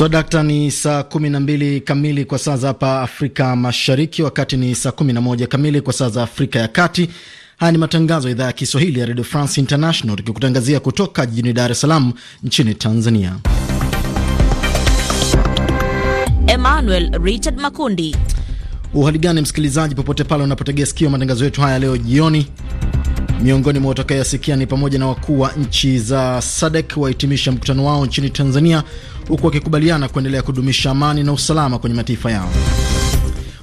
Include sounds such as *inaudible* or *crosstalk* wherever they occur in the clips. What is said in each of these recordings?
So, dakta, ni saa 12 kamili kwa saa za hapa Afrika Mashariki, wakati ni saa 11 kamili kwa saa za Afrika ya Kati. Haya ni matangazo ya idhaa ya Kiswahili ya Radio France International, tukikutangazia kutoka jijini Dar es Salaam nchini Tanzania. Emmanuel Richard Makundi. Uhali gani msikilizaji, popote pale unapotegea sikio matangazo yetu haya leo jioni. Miongoni mwa utakayoyasikia ni pamoja na wakuu wa nchi za SADC wahitimisha mkutano wao nchini Tanzania huku wakikubaliana kuendelea kudumisha amani na usalama kwenye mataifa yao.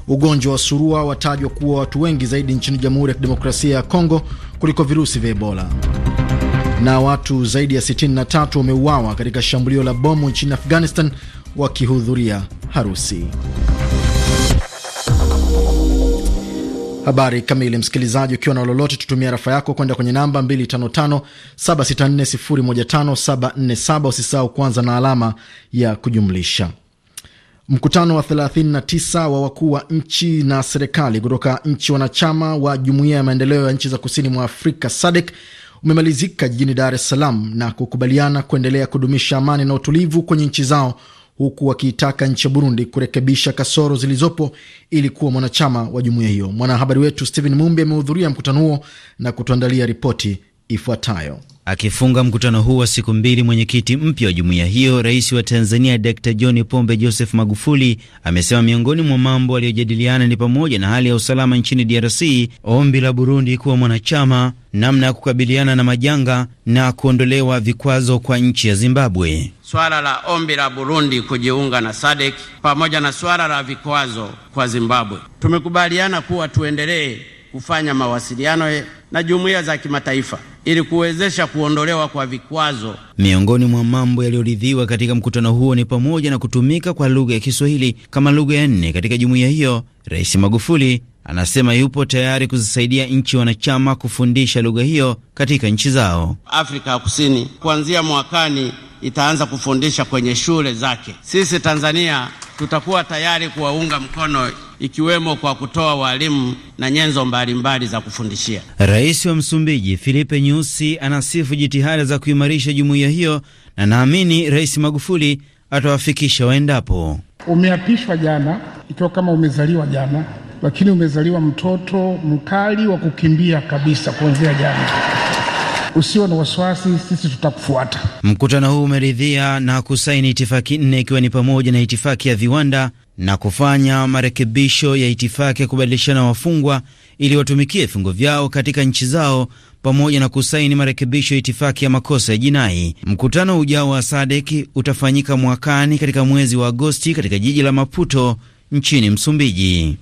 Ugonjwa wa surua watajwa kuwa watu wengi zaidi nchini Jamhuri ya Kidemokrasia ya Kongo kuliko virusi vya Ebola. Na watu zaidi ya 63 wameuawa katika shambulio la bomu nchini Afghanistan wakihudhuria harusi. Habari kamili, msikilizaji, ukiwa na lolote, tutumia rafa yako kwenda kwenye namba 255764015747. Usisahau kwanza na alama ya kujumlisha. Mkutano wa 39 wa wakuu wa nchi na serikali kutoka nchi wanachama wa jumuiya ya maendeleo ya nchi za kusini mwa Afrika SADC umemalizika jijini Dar es Salaam na kukubaliana kuendelea kudumisha amani na utulivu kwenye nchi zao huku wakiitaka nchi ya Burundi kurekebisha kasoro zilizopo ili kuwa mwanachama wa jumuiya hiyo. Mwanahabari wetu Stephen Mumbi amehudhuria mkutano huo na kutuandalia ripoti ifuatayo. Akifunga mkutano huu wa siku mbili, mwenyekiti mpya wa jumuiya hiyo, rais wa Tanzania d John Pombe Joseph Magufuli amesema miongoni mwa mambo aliyojadiliana ni pamoja na hali ya usalama nchini DRC, ombi la Burundi kuwa mwanachama, namna ya kukabiliana na majanga na kuondolewa vikwazo kwa nchi ya Zimbabwe, swala la ombi la Burundi kujiunga na SADC pamoja na swala la vikwazo kwa Zimbabwe. Tumekubaliana kuwa tuendelee kufanya mawasiliano na jumuiya za kimataifa ili kuwezesha kuondolewa kwa vikwazo. Miongoni mwa mambo yaliyoridhiwa katika mkutano huo ni pamoja na kutumika kwa lugha ya Kiswahili kama lugha ya nne katika jumuiya hiyo. Rais Magufuli anasema yupo tayari kuzisaidia nchi wanachama kufundisha lugha hiyo katika nchi zao. Afrika ya Kusini kuanzia mwakani itaanza kufundisha kwenye shule zake. Sisi Tanzania tutakuwa tayari kuwaunga mkono ikiwemo kwa kutoa walimu na nyenzo mbalimbali mbali za kufundishia. Rais wa Msumbiji Filipe Nyusi anasifu jitihada za kuimarisha jumuiya hiyo na naamini Rais Magufuli atawafikisha waendapo. Umeapishwa jana, ikiwa kama umezaliwa jana, lakini umezaliwa mtoto mkali wa kukimbia kabisa kuanzia jana usio na wasiwasi, sisi tutakufuata. Mkutano huu umeridhia na kusaini itifaki nne ikiwa ni pamoja na itifaki ya viwanda na kufanya marekebisho ya itifaki ya kubadilishana wafungwa ili watumikie vifungo vyao katika nchi zao pamoja na kusaini marekebisho ya itifaki ya makosa ya jinai. Mkutano ujao wa SADC utafanyika mwakani katika mwezi wa Agosti katika jiji la Maputo nchini Msumbiji.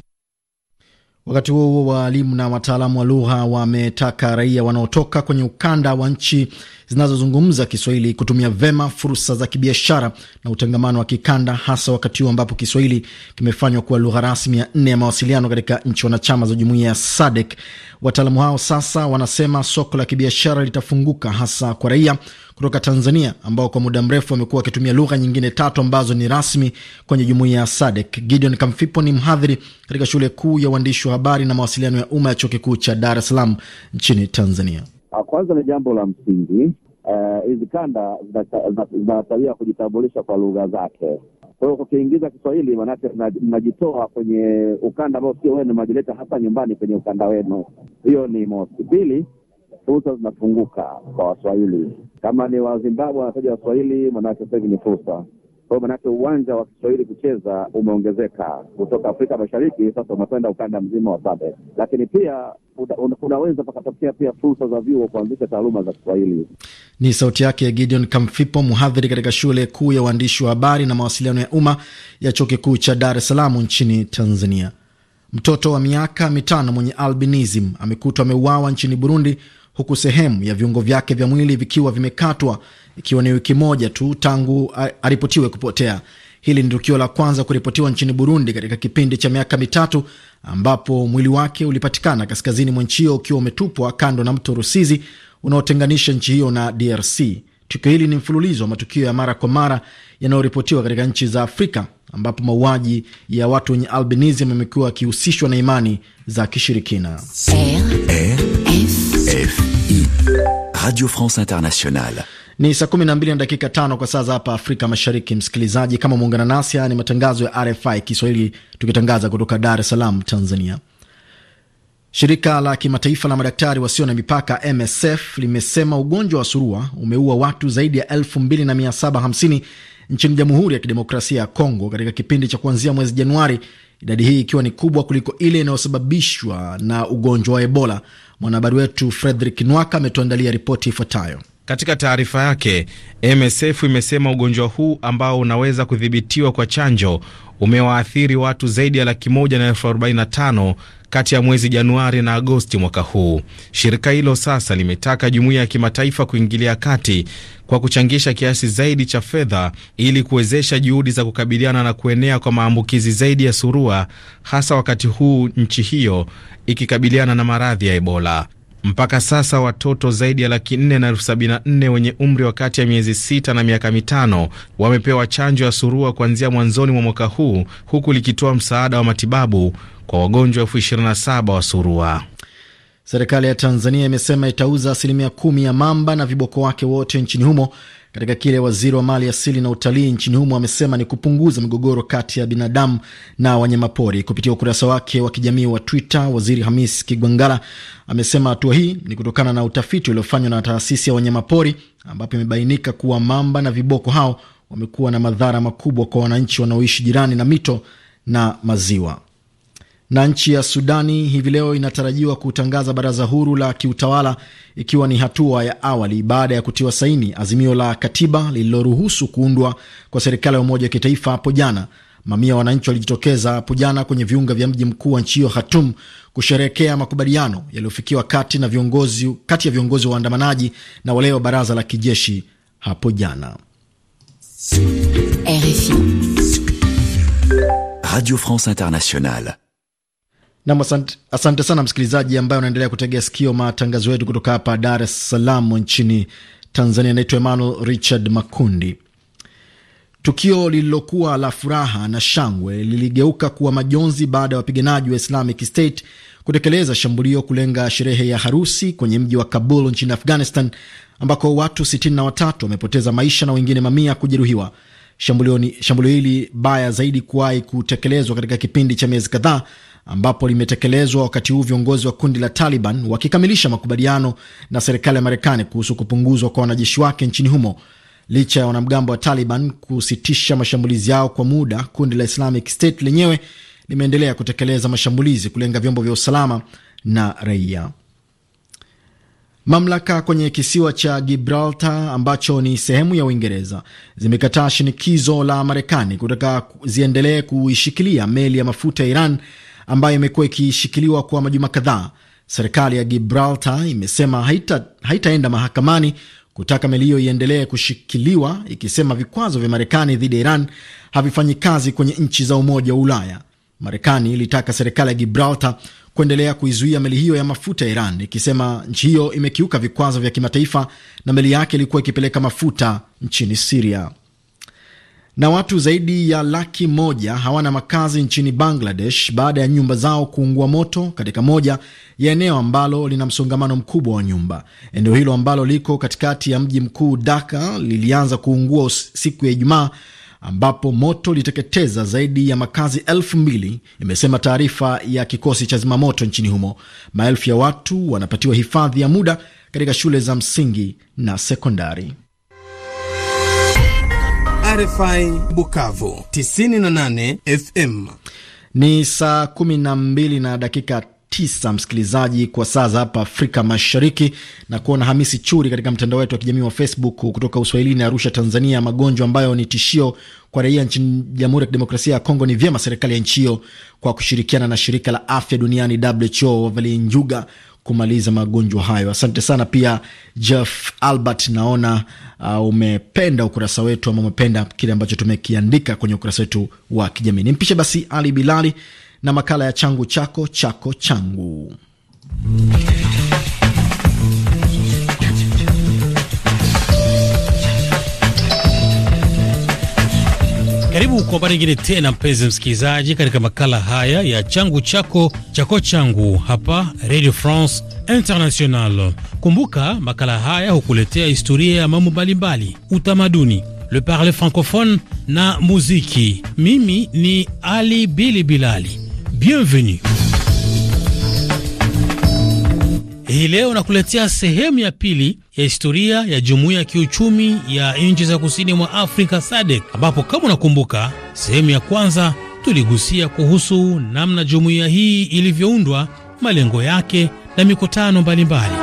Wakati huo huo, waalimu na wataalamu wa lugha wametaka raia wanaotoka kwenye ukanda wa nchi zinazozungumza Kiswahili kutumia vema fursa za kibiashara na utangamano wa kikanda, hasa wakati huo ambapo Kiswahili kimefanywa kuwa lugha rasmi ya nne ya mawasiliano katika nchi wanachama za jumuiya ya SADC. Wataalamu hao sasa wanasema soko la kibiashara litafunguka hasa kwa raia kutoka Tanzania ambao kwa muda mrefu wamekuwa wakitumia lugha nyingine tatu ambazo ni rasmi kwenye jumuiya ya SADC. Gideon Kamfipo ni mhadhiri katika shule kuu ya uandishi wa habari na mawasiliano ya umma ya chuo kikuu cha Dar es Salaam nchini Tanzania. Ah, kwanza ni jambo la msingi, eh, hizi uh, kanda zina kujitambulisha kwa lugha zake. Kwa hiyo kukiingiza Kiswahili maanake mnajitoa kwenye ukanda ambao sio wenu, mnajileta hapa nyumbani kwenye ukanda wenu. Hiyo ni mosi. Pili, fursa zinafunguka kwa Waswahili. Kama ni Wazimbabwe wanataja Waswahili, manake sasa hivi ni fursa kwao, manake uwanja wa Kiswahili kucheza umeongezeka kutoka Afrika Mashariki, sasa umekwenda ukanda mzima wa sabe. lakini pia kunaweza pakatokea pia fursa za vyuo kuanzisha taaluma za Kiswahili. Ni sauti yake Gideon Kamfipo, mhadhiri katika shule kuu ya uandishi wa habari na mawasiliano ya umma ya chuo kikuu cha Dar es Salaam nchini Tanzania. Mtoto wa miaka mitano mwenye albinism amekutwa ameuawa nchini Burundi huku sehemu ya viungo vyake vya mwili vikiwa vimekatwa, ikiwa ni wiki moja tu tangu aripotiwe kupotea. Hili ni tukio la kwanza kuripotiwa nchini Burundi katika kipindi cha miaka mitatu, ambapo mwili wake ulipatikana kaskazini mwa nchi hiyo ukiwa umetupwa kando na mto Rusizi unaotenganisha nchi hiyo na DRC. Tukio hili ni mfululizo wa matukio ya mara kwa mara yanayoripotiwa katika nchi za Afrika ambapo mauaji ya watu wenye albinism yamekuwa yakihusishwa na imani za kishirikina. RFI Radio France Internationale. Ni saa 12 na dakika tano kwa saa za hapa Afrika Mashariki. Msikilizaji, kama muungana nasi, ni matangazo ya RFI Kiswahili tukitangaza kutoka Dar es Salaam, Tanzania. Shirika la kimataifa la madaktari wasio na mipaka MSF limesema ugonjwa wa surua umeua watu zaidi ya 2750 nchini Jamhuri ya Kidemokrasia ya Kongo katika kipindi cha kuanzia mwezi Januari, idadi hii ikiwa ni kubwa kuliko ile inayosababishwa na ugonjwa wa Ebola Mwanahabari wetu Fredrick Nwaka ametuandalia ripoti ifuatayo. Katika taarifa yake, MSF imesema ugonjwa huu ambao unaweza kudhibitiwa kwa chanjo umewaathiri watu zaidi ya laki moja na elfu arobaini na tano kati ya mwezi Januari na Agosti mwaka huu. Shirika hilo sasa limetaka jumuiya ya kimataifa kuingilia kati kwa kuchangisha kiasi zaidi cha fedha ili kuwezesha juhudi za kukabiliana na kuenea kwa maambukizi zaidi ya surua, hasa wakati huu nchi hiyo ikikabiliana na maradhi ya Ebola. Mpaka sasa watoto zaidi ya laki nne na elfu sabini na nne wenye umri wa kati ya miezi sita na miaka mitano wamepewa chanjo ya surua kuanzia mwanzoni mwa mwaka huu huku likitoa msaada wa matibabu kwa wagonjwa elfu ishirini na saba wa surua. Serikali ya Tanzania imesema itauza asilimia kumi ya mamba na viboko wake wote nchini humo katika kile waziri wa mali asili na utalii nchini humo amesema ni kupunguza migogoro kati ya binadamu na wanyamapori. Kupitia ukurasa wake wa kijamii wa Twitter, waziri Hamis Kigwangala amesema hatua hii ni kutokana na utafiti uliofanywa na taasisi ya wanyamapori, ambapo imebainika kuwa mamba na viboko hao wamekuwa na madhara makubwa kwa wananchi wanaoishi jirani na mito na maziwa. Na nchi ya Sudani hivi leo inatarajiwa kutangaza baraza huru la kiutawala ikiwa ni hatua ya awali baada ya kutiwa saini azimio la katiba lililoruhusu kuundwa kwa serikali ya umoja wa kitaifa hapo jana. Mamia ya wananchi walijitokeza hapo jana kwenye viunga vya mji mkuu wa nchi hiyo Khartoum kusherehekea makubaliano yaliyofikiwa kati na viongozi, kati ya viongozi wa waandamanaji na wale wa baraza la kijeshi hapo jana. RFI Radio France Internationale Nam, asante sana msikilizaji ambaye unaendelea kutegea sikio matangazo yetu kutoka hapa Dar es Salaam nchini Tanzania. Naitwa Emmanuel Richard Makundi. Tukio lililokuwa la furaha na shangwe liligeuka kuwa majonzi baada ya wapiganaji wa Islamic State kutekeleza shambulio kulenga sherehe ya harusi kwenye mji wa Kabul nchini Afghanistan, ambako watu 63 wamepoteza maisha na wengine mamia kujeruhiwa. Shambulio hili baya zaidi kuwahi kutekelezwa katika kipindi cha miezi kadhaa ambapo limetekelezwa wakati huu viongozi wa kundi la Taliban wakikamilisha makubaliano na serikali ya Marekani kuhusu kupunguzwa kwa wanajeshi wake nchini humo. Licha ya wanamgambo wa Taliban kusitisha mashambulizi yao kwa muda, kundi la Islamic State lenyewe limeendelea kutekeleza mashambulizi kulenga vyombo vya usalama na raia. Mamlaka kwenye kisiwa cha Gibraltar ambacho ni sehemu ya Uingereza zimekataa shinikizo la Marekani kutaka ziendelee kuishikilia meli ya mafuta ya Iran ambayo imekuwa ikishikiliwa kwa majuma kadhaa. Serikali ya Gibraltar imesema haita, haitaenda mahakamani kutaka meli hiyo iendelee kushikiliwa, ikisema vikwazo vya Marekani dhidi ya Iran havifanyi kazi kwenye nchi za Umoja wa Ulaya. Marekani ilitaka serikali ya Gibraltar kuendelea kuizuia meli hiyo ya mafuta ya Iran, ikisema nchi hiyo imekiuka vikwazo vya kimataifa na meli yake ilikuwa ikipeleka mafuta nchini Siria. Na watu zaidi ya laki moja hawana makazi nchini Bangladesh baada ya nyumba zao kuungua moto katika moja ya eneo ambalo lina msongamano mkubwa wa nyumba. Eneo hilo ambalo liko katikati ya mji mkuu Dhaka lilianza kuungua siku ya Ijumaa ambapo moto liteketeza zaidi ya makazi elfu mbili imesema taarifa ya kikosi cha zimamoto nchini humo. Maelfu ya watu wanapatiwa hifadhi ya muda katika shule za msingi na sekondari. RFI Bukavu 98 FM. Ni saa kumi na mbili na dakika tisa msikilizaji, kwa saa za hapa Afrika Mashariki. Na kuona Hamisi Churi katika mtandao wetu wa kijamii wa Facebook kutoka Uswahilini, Arusha, Tanzania. Magonjwa ambayo ni tishio kwa raia nchini Jamhuri ya Kidemokrasia ya Kongo, ni vyema serikali ya nchi hiyo kwa kushirikiana na shirika la afya duniani WHO wavalie njuga kumaliza magonjwa hayo. Asante sana pia Jeff Albert, naona uh, umependa ukurasa wetu ama umependa kile ambacho tumekiandika kwenye ukurasa wetu wa kijamii. Nimpishe basi Ali Bilali na makala ya changu chako chako changu Karibu kwa habari nyingine tena, mpenzi msikilizaji, katika makala haya ya changu chako chako changu hapa Radio France International. Kumbuka makala haya hukuletea historia ya mambo mbalimbali, utamaduni, le parle francophone na muziki. Mimi ni Ali Bili Bilali, bienvenue. Hii leo nakuletea sehemu ya pili ya historia ya jumuiya ya kiuchumi ya nchi za kusini mwa Afrika SADC, ambapo kama unakumbuka, sehemu ya kwanza tuligusia kuhusu namna jumuiya hii ilivyoundwa, malengo yake na mikutano mbalimbali.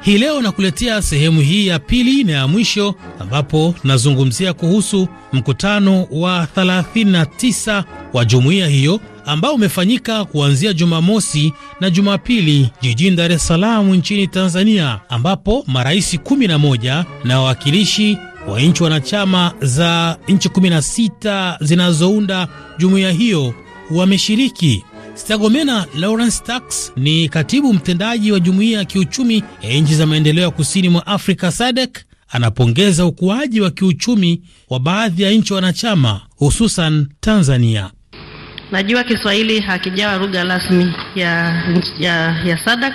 Hii leo nakuletea sehemu hii ya pili na ya mwisho ambapo tunazungumzia kuhusu mkutano wa 39 wa jumuiya hiyo ambao umefanyika kuanzia Jumamosi na Jumapili jijini Dar es Salaam nchini Tanzania, ambapo marais 11 na wawakilishi wa nchi wanachama za nchi 16 zinazounda jumuiya hiyo wameshiriki. Stagomena Lawrence Tax ni katibu mtendaji wa jumuiya ya kiuchumi ya nchi za maendeleo ya kusini mwa Afrika SADC. Anapongeza ukuaji wa kiuchumi wa baadhi ya nchi wanachama hususan Tanzania. Najua Kiswahili hakijawa lugha rasmi ya, ya, ya SADC,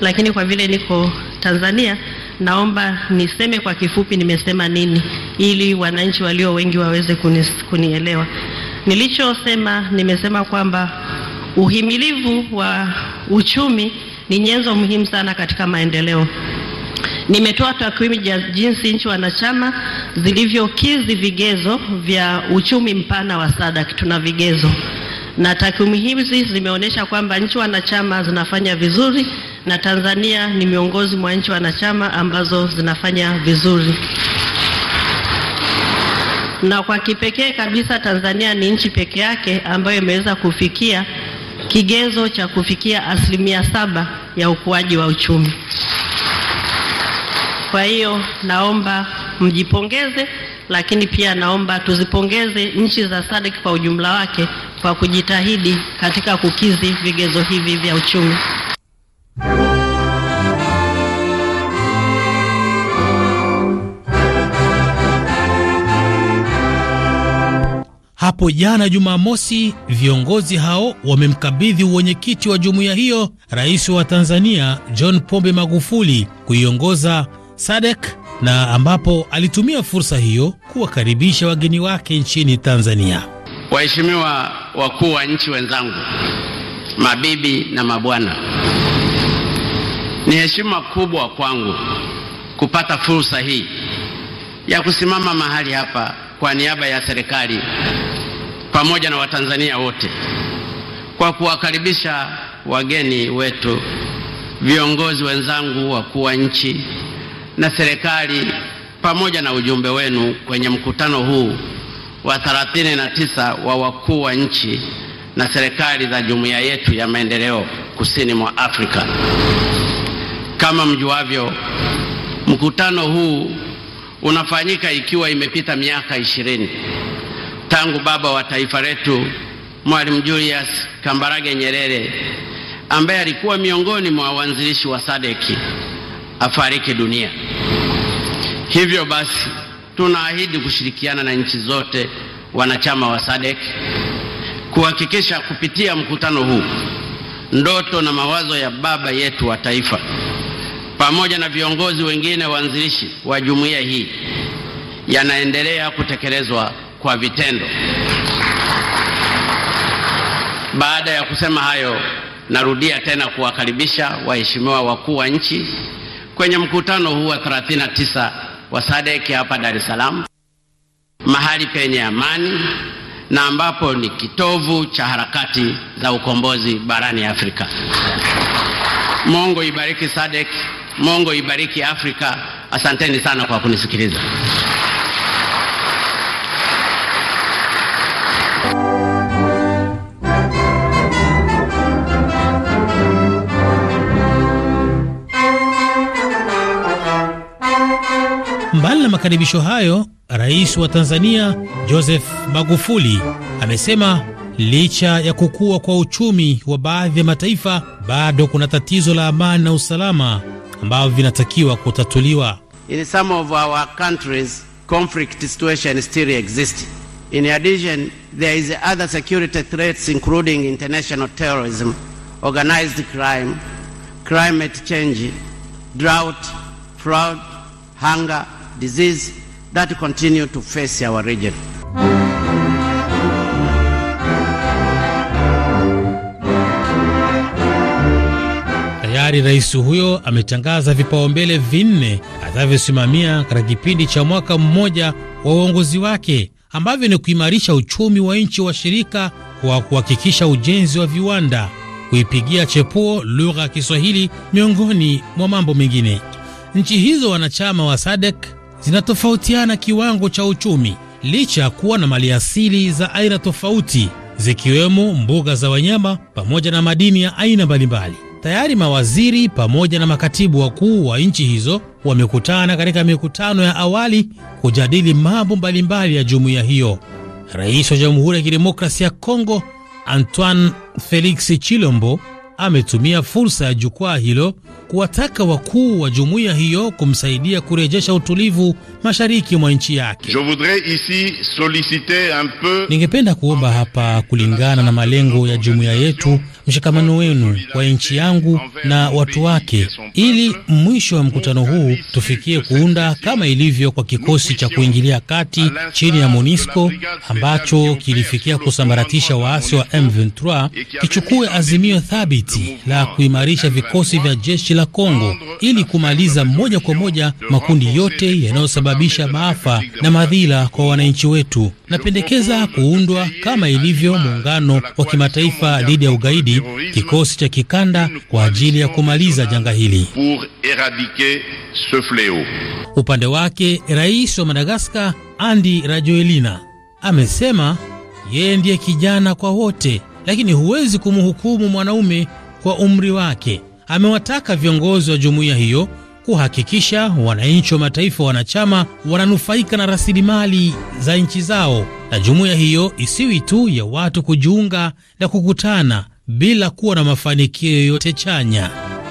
lakini kwa vile niko Tanzania naomba niseme kwa kifupi nimesema nini ili wananchi walio wengi waweze kunis, kunielewa. Nilichosema nimesema kwamba uhimilivu wa uchumi ni nyenzo muhimu sana katika maendeleo. Nimetoa takwimu ya jinsi nchi wanachama zilivyokizi vigezo vya uchumi mpana wa SADC. Tuna vigezo na takwimu hizi zimeonyesha kwamba nchi wanachama zinafanya vizuri na Tanzania ni miongoni mwa nchi wanachama ambazo zinafanya vizuri na kwa kipekee kabisa Tanzania ni nchi peke yake ambayo imeweza kufikia kigezo cha kufikia asilimia saba ya ukuaji wa uchumi. Kwa hiyo naomba mjipongeze, lakini pia naomba tuzipongeze nchi za SADC kwa ujumla wake kwa kujitahidi katika kukidhi vigezo hivi vya uchumi. Hapo jana Jumamosi, viongozi hao wamemkabidhi uwenyekiti wa jumuiya hiyo rais wa Tanzania John Pombe Magufuli kuiongoza Sadek na ambapo alitumia fursa hiyo kuwakaribisha wageni wake nchini Tanzania. Waheshimiwa wakuu wa nchi wenzangu, mabibi na mabwana, ni heshima kubwa kwangu kupata fursa hii ya kusimama mahali hapa kwa niaba ya serikali pamoja na Watanzania wote kwa kuwakaribisha wageni wetu, viongozi wenzangu, wakuu wa nchi na serikali pamoja na ujumbe wenu kwenye mkutano huu wa 39 wa wakuu wa nchi na serikali za jumuiya yetu ya maendeleo kusini mwa Afrika. Kama mjuavyo, mkutano huu unafanyika ikiwa imepita miaka ishirini tangu baba wa taifa letu Mwalimu Julius Kambarage Nyerere ambaye alikuwa miongoni mwa waanzilishi wa Sadeki afariki dunia. Hivyo basi tunaahidi kushirikiana na nchi zote wanachama wa SADC kuhakikisha kupitia mkutano huu ndoto na mawazo ya baba yetu wa taifa pamoja na viongozi wengine waanzilishi wa jumuiya hii yanaendelea kutekelezwa kwa vitendo. Baada ya kusema hayo, narudia tena kuwakaribisha waheshimiwa wakuu wa nchi kwenye mkutano huu wa 39 wa Sadeki hapa Dar es Salaam, mahali penye amani na ambapo ni kitovu cha harakati za ukombozi barani Afrika. Mungu ibariki Sadeki, Mungu ibariki Afrika. Asanteni sana kwa kunisikiliza. makaribisho hayo, rais wa Tanzania Joseph Magufuli amesema licha ya kukua kwa uchumi wa baadhi ya mataifa, bado kuna tatizo la amani na usalama ambavyo vinatakiwa kutatuliwa. In some of our countries conflict situation still exists. In addition, there is other security threats including international terrorism, organized crime, climate change, drought, hunger disease that continue to face our region. Tayari rais huyo ametangaza vipaumbele vinne atavyosimamia katika kipindi cha mwaka mmoja wa uongozi wake ambavyo ni kuimarisha uchumi wa nchi wa shirika kwa kuhakikisha ujenzi wa viwanda, kuipigia chepuo lugha ya Kiswahili miongoni mwa mambo mengine. Nchi hizo wanachama wa SADC zinatofautiana kiwango cha uchumi licha ya kuwa na maliasili za aina tofauti zikiwemo mbuga za wanyama pamoja na madini ya aina mbalimbali. Tayari mawaziri pamoja na makatibu wakuu wa nchi hizo wamekutana katika mikutano ya awali kujadili mambo mbalimbali ya jumuiya hiyo. Rais wa Jamhuri ya Kidemokrasia ya Kongo Antoine Felix Chilombo ametumia fursa ya jukwaa hilo kuwataka wakuu wa jumuiya hiyo kumsaidia kurejesha utulivu mashariki mwa nchi yake. Ningependa kuomba hapa, kulingana na malengo ya jumuiya yetu, mshikamano wenu wa nchi yangu na watu wake, ili mwisho wa mkutano huu tufikie kuunda kama ilivyo kwa kikosi cha kuingilia kati chini ya MONUSCO ambacho kilifikia kusambaratisha waasi wa M23, kichukue azimio thabiti dhabiti la kuimarisha vikosi vya jeshi la Kongo ili kumaliza moja kwa moja makundi yote yanayosababisha maafa na madhila kwa wananchi wetu. Napendekeza kuundwa kama ilivyo muungano wa kimataifa dhidi ya ugaidi, kikosi cha kikanda kwa ajili ya kumaliza janga hili. Upande wake, rais wa Madagaskar Andi Rajoelina amesema yeye ndiye kijana kwa wote lakini huwezi kumhukumu mwanaume kwa umri wake. Amewataka viongozi wa jumuiya hiyo kuhakikisha wananchi wa mataifa wanachama wananufaika na rasilimali za nchi zao, na jumuiya hiyo isiwi tu ya watu kujiunga na kukutana bila kuwa na mafanikio yoyote chanya.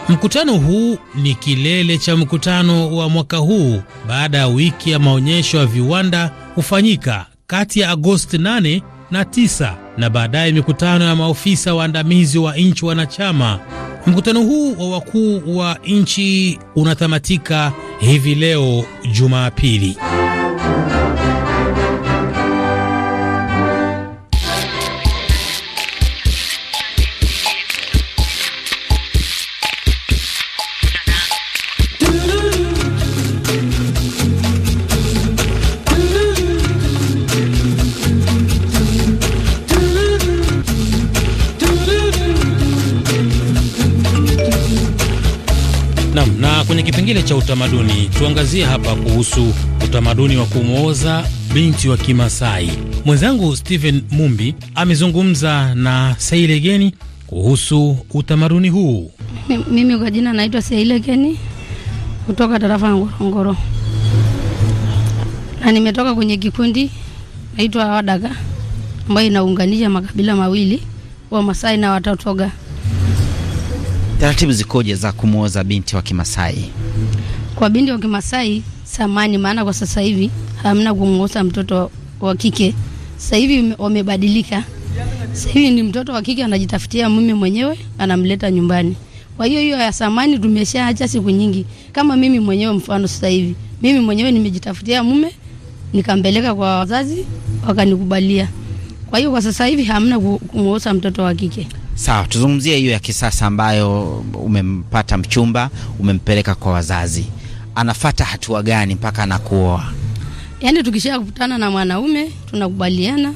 Mkutano huu ni kilele cha mkutano wa mwaka huu baada ya wiki ya maonyesho ya viwanda kufanyika kati ya Agosti 8 na tisa na baadaye mikutano ya maofisa waandamizi wa, wa nchi wanachama. Mkutano huu wa wakuu wa nchi unatamatika hivi leo Jumapili. kipengele cha utamaduni, tuangazie hapa kuhusu utamaduni wa kumwoza binti wa Kimasai. Mwenzangu Stephen Mumbi amezungumza na Geni kuhusu utamaduni huu. Mimi kwa jina naitwa Geni kutoka tarafa ya Ngorongoro na nimetoka kwenye kikundi naitwa Wadaga ambayo inaunganisha makabila mawili Wamasai na Watatoga. Taratibu zikoje za kumwoza binti wa Kimasai? kwa binti wa Kimasai samani, maana kwa sasa hivi hamna kumgusa mtoto wa kike. Sasa hivi wamebadilika, sasa hivi ni mtoto wa kike anajitafutia mume mwenyewe, anamleta nyumbani. Kwa hiyo hiyo ya samani tumeshaacha siku nyingi. Kama mimi mwenyewe mfano, sasa hivi mimi mwenyewe nimejitafutia mume, nikampeleka kwa wazazi, wakanikubalia. Kwa hiyo kwa sasa hivi hamna kumwosa mtoto wa kike. Sawa, tuzungumzie hiyo ya kisasa ambayo umempata mchumba, umempeleka kwa wazazi anafata hatua gani mpaka anakuoa? Yaani tukisha kukutana na mwanaume tunakubaliana,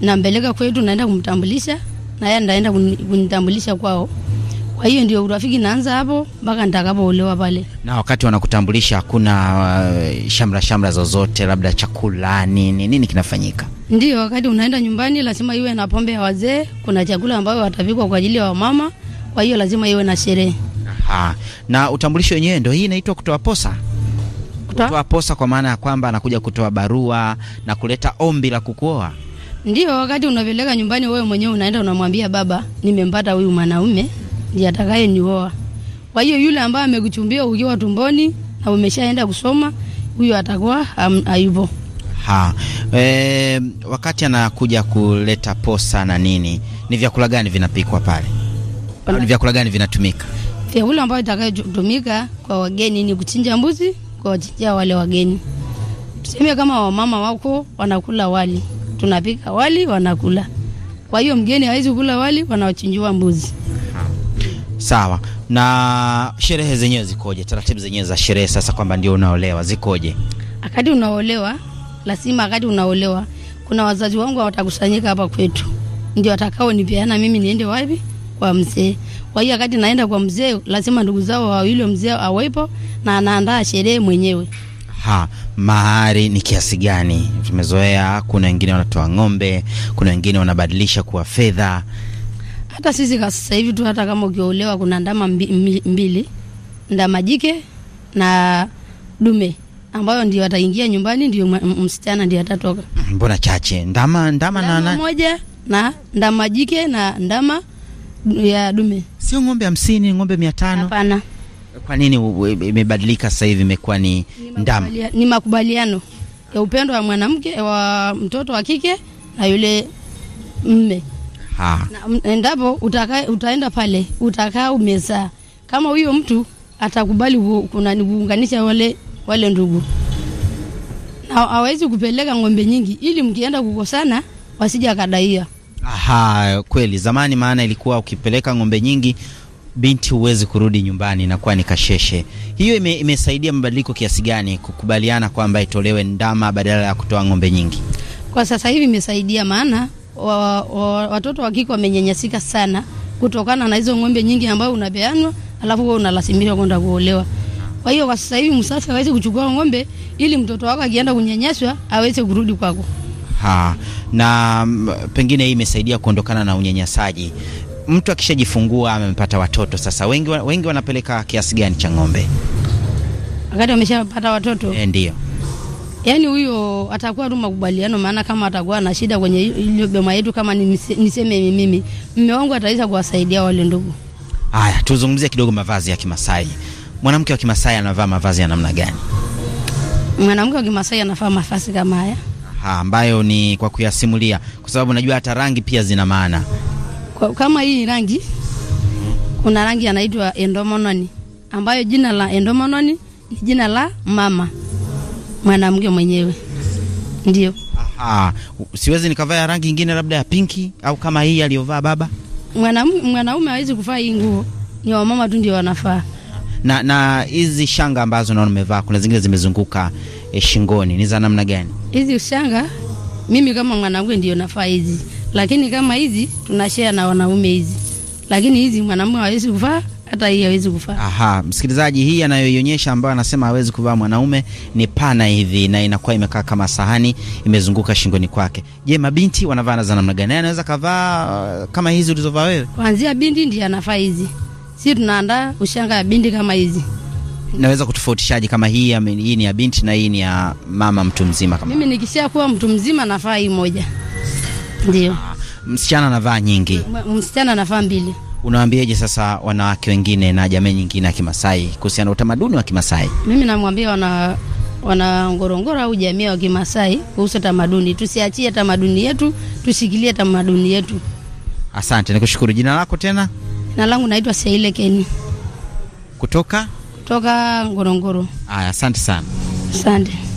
nampeleka kwetu, naenda kumtambulisha na yeye ndaenda kunitambulisha kwao. Kwa hiyo ndio urafiki naanza hapo mpaka nitakapoolewa pale. Na wakati wanakutambulisha hakuna uh, shamra shamra zozote, labda chakula nini nini kinafanyika? Ndio wakati unaenda nyumbani, lazima iwe na pombe ya wazee. Kuna chakula ambayo watapikwa kwa ajili ya wamama kwa hiyo lazima iwe na sherehe. Aha. Na utambulisho wenyewe ndio hii inaitwa kutoa posa kutoa posa kwa maana ya kwamba anakuja kutoa barua na kuleta ombi la kukuoa. Ndio wakati unapeleka nyumbani, wewe mwenyewe unaenda unamwambia baba, nimempata huyu mwanaume ndiye atakaye nioa. Kwa hiyo yule ambaye amekuchumbia ukiwa tumboni na umeshaenda kusoma, huyo atakuwa hayupo. Ha. E, wakati anakuja kuleta posa na nini, ni vyakula gani vinapikwa pale? Wana... vyakula gani vinatumika? Vyakula ambavyo vitakayotumika kwa wageni ni kuchinja mbuzi kwa wachinja wale wageni. Tuseme kama wamama wako wanakula wali, tunapika wali wanakula. Kwa hiyo mgeni hawezi kula wali, wanawachinjua mbuzi. Sawa. Na sherehe zenyewe zikoje? Taratibu zenyewe za sherehe sasa, kwamba ndio unaolewa zikoje? Akati unaolewa lazima, akati unaolewa kuna wazazi wangu watakusanyika hapa kwetu, ndio watakao nipeana mimi niende wapi kwa mzee. Kwa hiyo wakati naenda kwa mzee, lazima ndugu zao wawili mzee awepo na anaandaa sherehe mwenyewe. Ha, mahari ni kiasi gani? Tumezoea kuna wengine wanatoa ng'ombe, kuna wengine wanabadilisha kuwa fedha. Hata sisi kwa sasa hivi tu, hata kama ukiolewa, kuna ndama mbili, ndama jike na dume ambayo ndio wataingia nyumbani, ndio msichana ndio atatoka. Mbona chache? Ndama ndama, ndama na moja na ndama jike na ndama ya dume, sio ng'ombe hamsini, ng'ombe mia tano? Hapana. Kwa nini imebadilika sasa hivi imekuwa ni ndama? Ni makubaliano ya upendo wa mwanamke wa mtoto wa kike na yule mme. Mm, endapo utaka, utaenda pale utakaa umezaa, kama huyo mtu atakubali kuunganisha wale, wale ndugu, na hawezi kupeleka ng'ombe nyingi ili mkienda kukosana wasija kadaia Aha, kweli zamani, maana ilikuwa ukipeleka ng'ombe nyingi binti huwezi kurudi nyumbani, inakuwa ni kasheshe. Hiyo ime, imesaidia mabadiliko kiasi gani kukubaliana kwamba itolewe ndama badala ya kutoa ng'ombe nyingi? Kwa sasa hivi imesaidia, maana wa, wa, watoto wa kike wamenyanyasika sana kutokana na hizo ng'ombe nyingi ambayo unapeanwa, alafu wewe unalasimishwa kwenda kuolewa. Kwa hiyo kwa sasa hivi msafi hawezi kuchukua ng'ombe ili mtoto wako akienda kunyanyaswa aweze kurudi kwako ha. Na pengine hii imesaidia kuondokana na unyanyasaji. Mtu akishajifungua amepata watoto sasa, wengi, wengi wanapeleka kiasi gani cha ng'ombe wakati wameshapata watoto e, ndio Yaani huyo atakuwa tu makubaliano, maana kama atakuwa na shida kwenye ile boma yetu, kama niseme mimi, mume wangu ataweza kuwasaidia wale ndugu. Haya, tuzungumzie kidogo mavazi ya Kimasai. Mwanamke wa Kimasai anavaa mavazi ya namna gani? Mwanamke wa Kimasai anavaa mavazi kama haya Ah, ambayo ni kwa kuyasimulia, kwa sababu najua hata rangi pia zina maana. Kama hii rangi, kuna rangi anaitwa endomononi, ambayo jina la endomononi ni jina la mama mwanamke mwenyewe, ndio. Aha, siwezi nikavaa rangi nyingine labda ya pinki au kama hii aliyovaa baba. Mwanaume mwanaume hawezi kuvaa hii nguo, ni wamama tu ndio wanafaa. Na na hizi shanga ambazo naona umevaa, kuna zingine zimezunguka e, shingoni ni za namna gani hizi ushanga? Mimi kama mwanaume ndio nafaa hizi, lakini kama hizi tunashare na wanaume hizi, lakini hizi mwanamume hawezi kuvaa hata hii hawezi kuvaa. Aha, msikilizaji, hii anayoionyesha ambayo anasema hawezi kuvaa mwanaume ni pana hivi na inakuwa imekaa kama sahani imezunguka shingoni kwake. Je, mabinti wanavaa za namna gani? Anaweza kavaa uh, kama hizi ulizovaa wewe? Kuanzia binti ndio anafaa hizi, si tunaandaa ushanga ya binti kama hizi naweza kutofautishaje kama hii ya, hii ni ya binti na hii ni ya mama mtu mzima? Kama mimi nikisha kuwa mtu mzima navaa hii moja, ndio. Ah, msichana anavaa nyingi, msichana anavaa mbili. Unawaambiaje sasa wanawake wengine na jamii nyingine ya Kimasai kuhusiana na utamaduni wa Kimasai? Mimi namwambia wana wana Ngorongoro au jamii ya Kimasai kuhusu tamaduni, tusiachie tamaduni yetu, tushikilie tamaduni yetu. Asante, nikushukuru. Jina lako tena? Jina langu naitwa Seile Keni kutoka toka Ngorongoro. Aya, asante sana. Asante.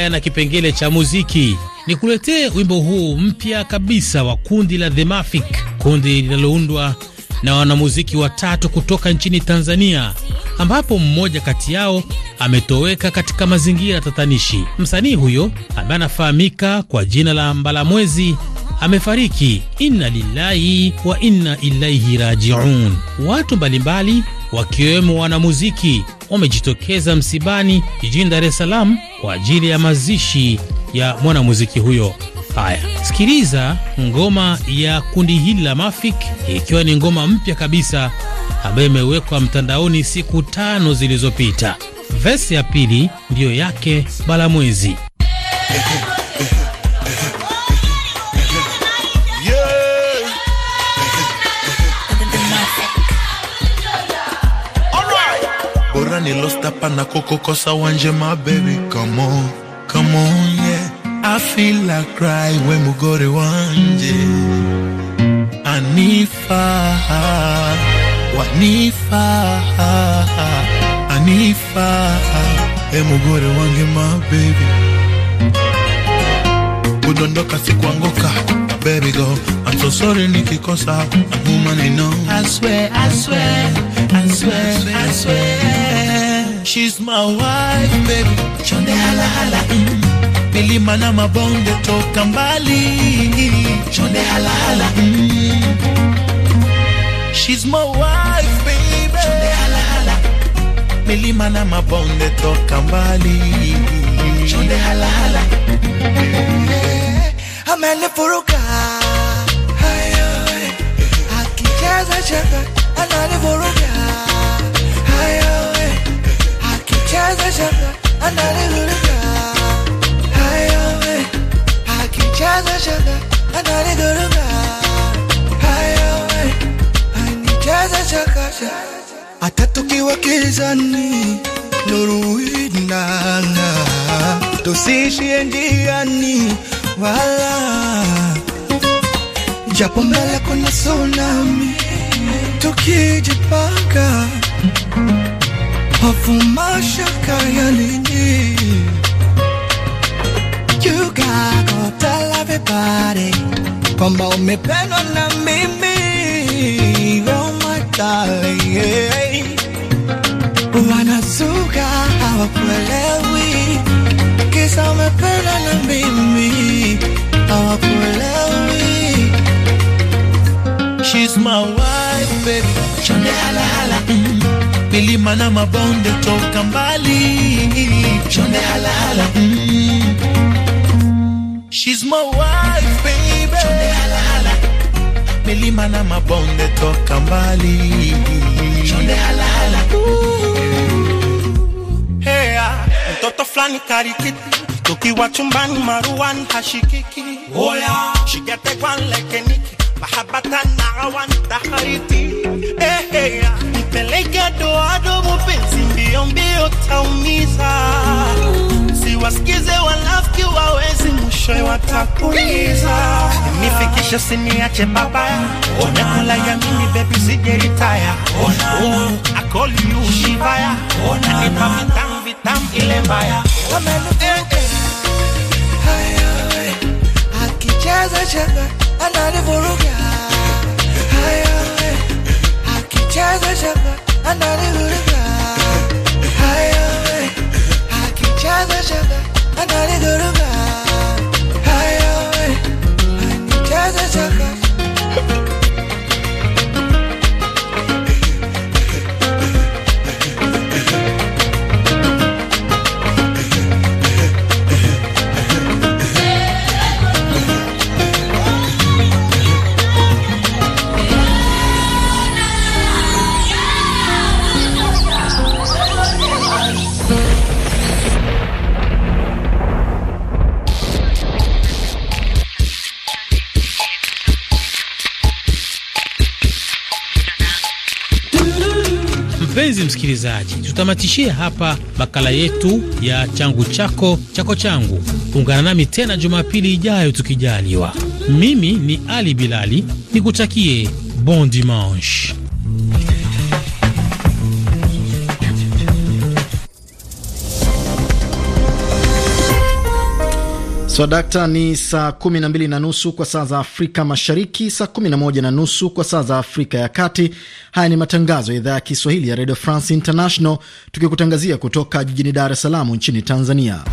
haya na kipengele cha muziki, nikuletee wimbo huu mpya kabisa wa kundi la The Mafic, kundi linaloundwa na wanamuziki watatu kutoka nchini Tanzania, ambapo mmoja kati yao ametoweka katika mazingira tatanishi. Msanii huyo ambaye anafahamika kwa jina la Mbalamwezi amefariki. Inna lillahi wa inna ilaihi rajiun. Watu mbalimbali wakiwemo wanamuziki wamejitokeza msibani jijini Dar es Salaam kwa ajili ya mazishi ya mwanamuziki huyo. Haya, sikiliza ngoma ya kundi hili la Mafik, ikiwa ni ngoma mpya kabisa ambayo imewekwa mtandaoni siku tano zilizopita. Vesi ya pili ndiyo yake Balamwezi. man, he lost up and a coco my baby. Come on, come on, yeah. I feel like cry when we go to one yeah. Anifa, Wanifa, Anifa, and we go my baby kudondoka si kuanguka. Baby girl, I'm so sorry nikikosa. I'm human, I know. I swear, I swear, I swear, I swear. She's my wife, baby. Chonde hala hala. Mm. Milima na mabonde toka mbali. Chonde hala hala. Mm. She's my wife, baby. Chonde hala hala. Milima na mabonde toka mbali. Chonde hala hala. Yeah amenivuruga akicheza chaka ananivuruga akicheza chaka ananivuruga akicheza chaka ananivuruga anicheza chaka hata tukiwa kizani nuruinana tusishie njiani wala japo mbele kuna tsunami, tukijipanga hofu mashaka ya nini you kwamba umependwa na mimi oh my darling yeah. Wanasuka hawakuelewi cabeza me pegan el bimbi, abajo el Audi. She's my wife, baby. Chonde hala hala. Mm. Milima na mabonde toka mbali. Chonde hala hala. Mm. She's my wife, baby. Chonde hala hala. Milima na mabonde toka mbali. Chande hala hala. Ooh. Hey, ah. Mtoto fulani karikiti Tukiwa chumbani Maruan hashikiki Oya shigate get the one Mahabata na awan tahariti Eh hey eh, ya Nipeleke doado mupenzi mbio mbio taumiza Siwasikize wanafiki wawezi mwishoe watakuliza Nifikishe siniache babaya Unakula ya mimi baby sije retire Ona I call you Shivaya Ona nipa vitam vitam ile mbaya Wamenu eh eh kijaza shanga ananivuruga hayo akijaza shanga ananivuruga hayo akijaza shanga ananivuruga hayo akijaza shanga msikilizaji, tutamatishia hapa makala yetu ya changu chako chako changu. Ungana nami tena Jumapili ijayo tukijaliwa. Mimi ni Ali Bilali, nikutakie bon dimanche. Swadakta dakta ni saa 12 na nusu kwa saa za Afrika Mashariki, saa 11 na nusu kwa saa za Afrika ya Kati. Haya ni matangazo ya idhaa ya Kiswahili ya Radio France International, tukikutangazia kutoka jijini Dar es Salaam nchini Tanzania.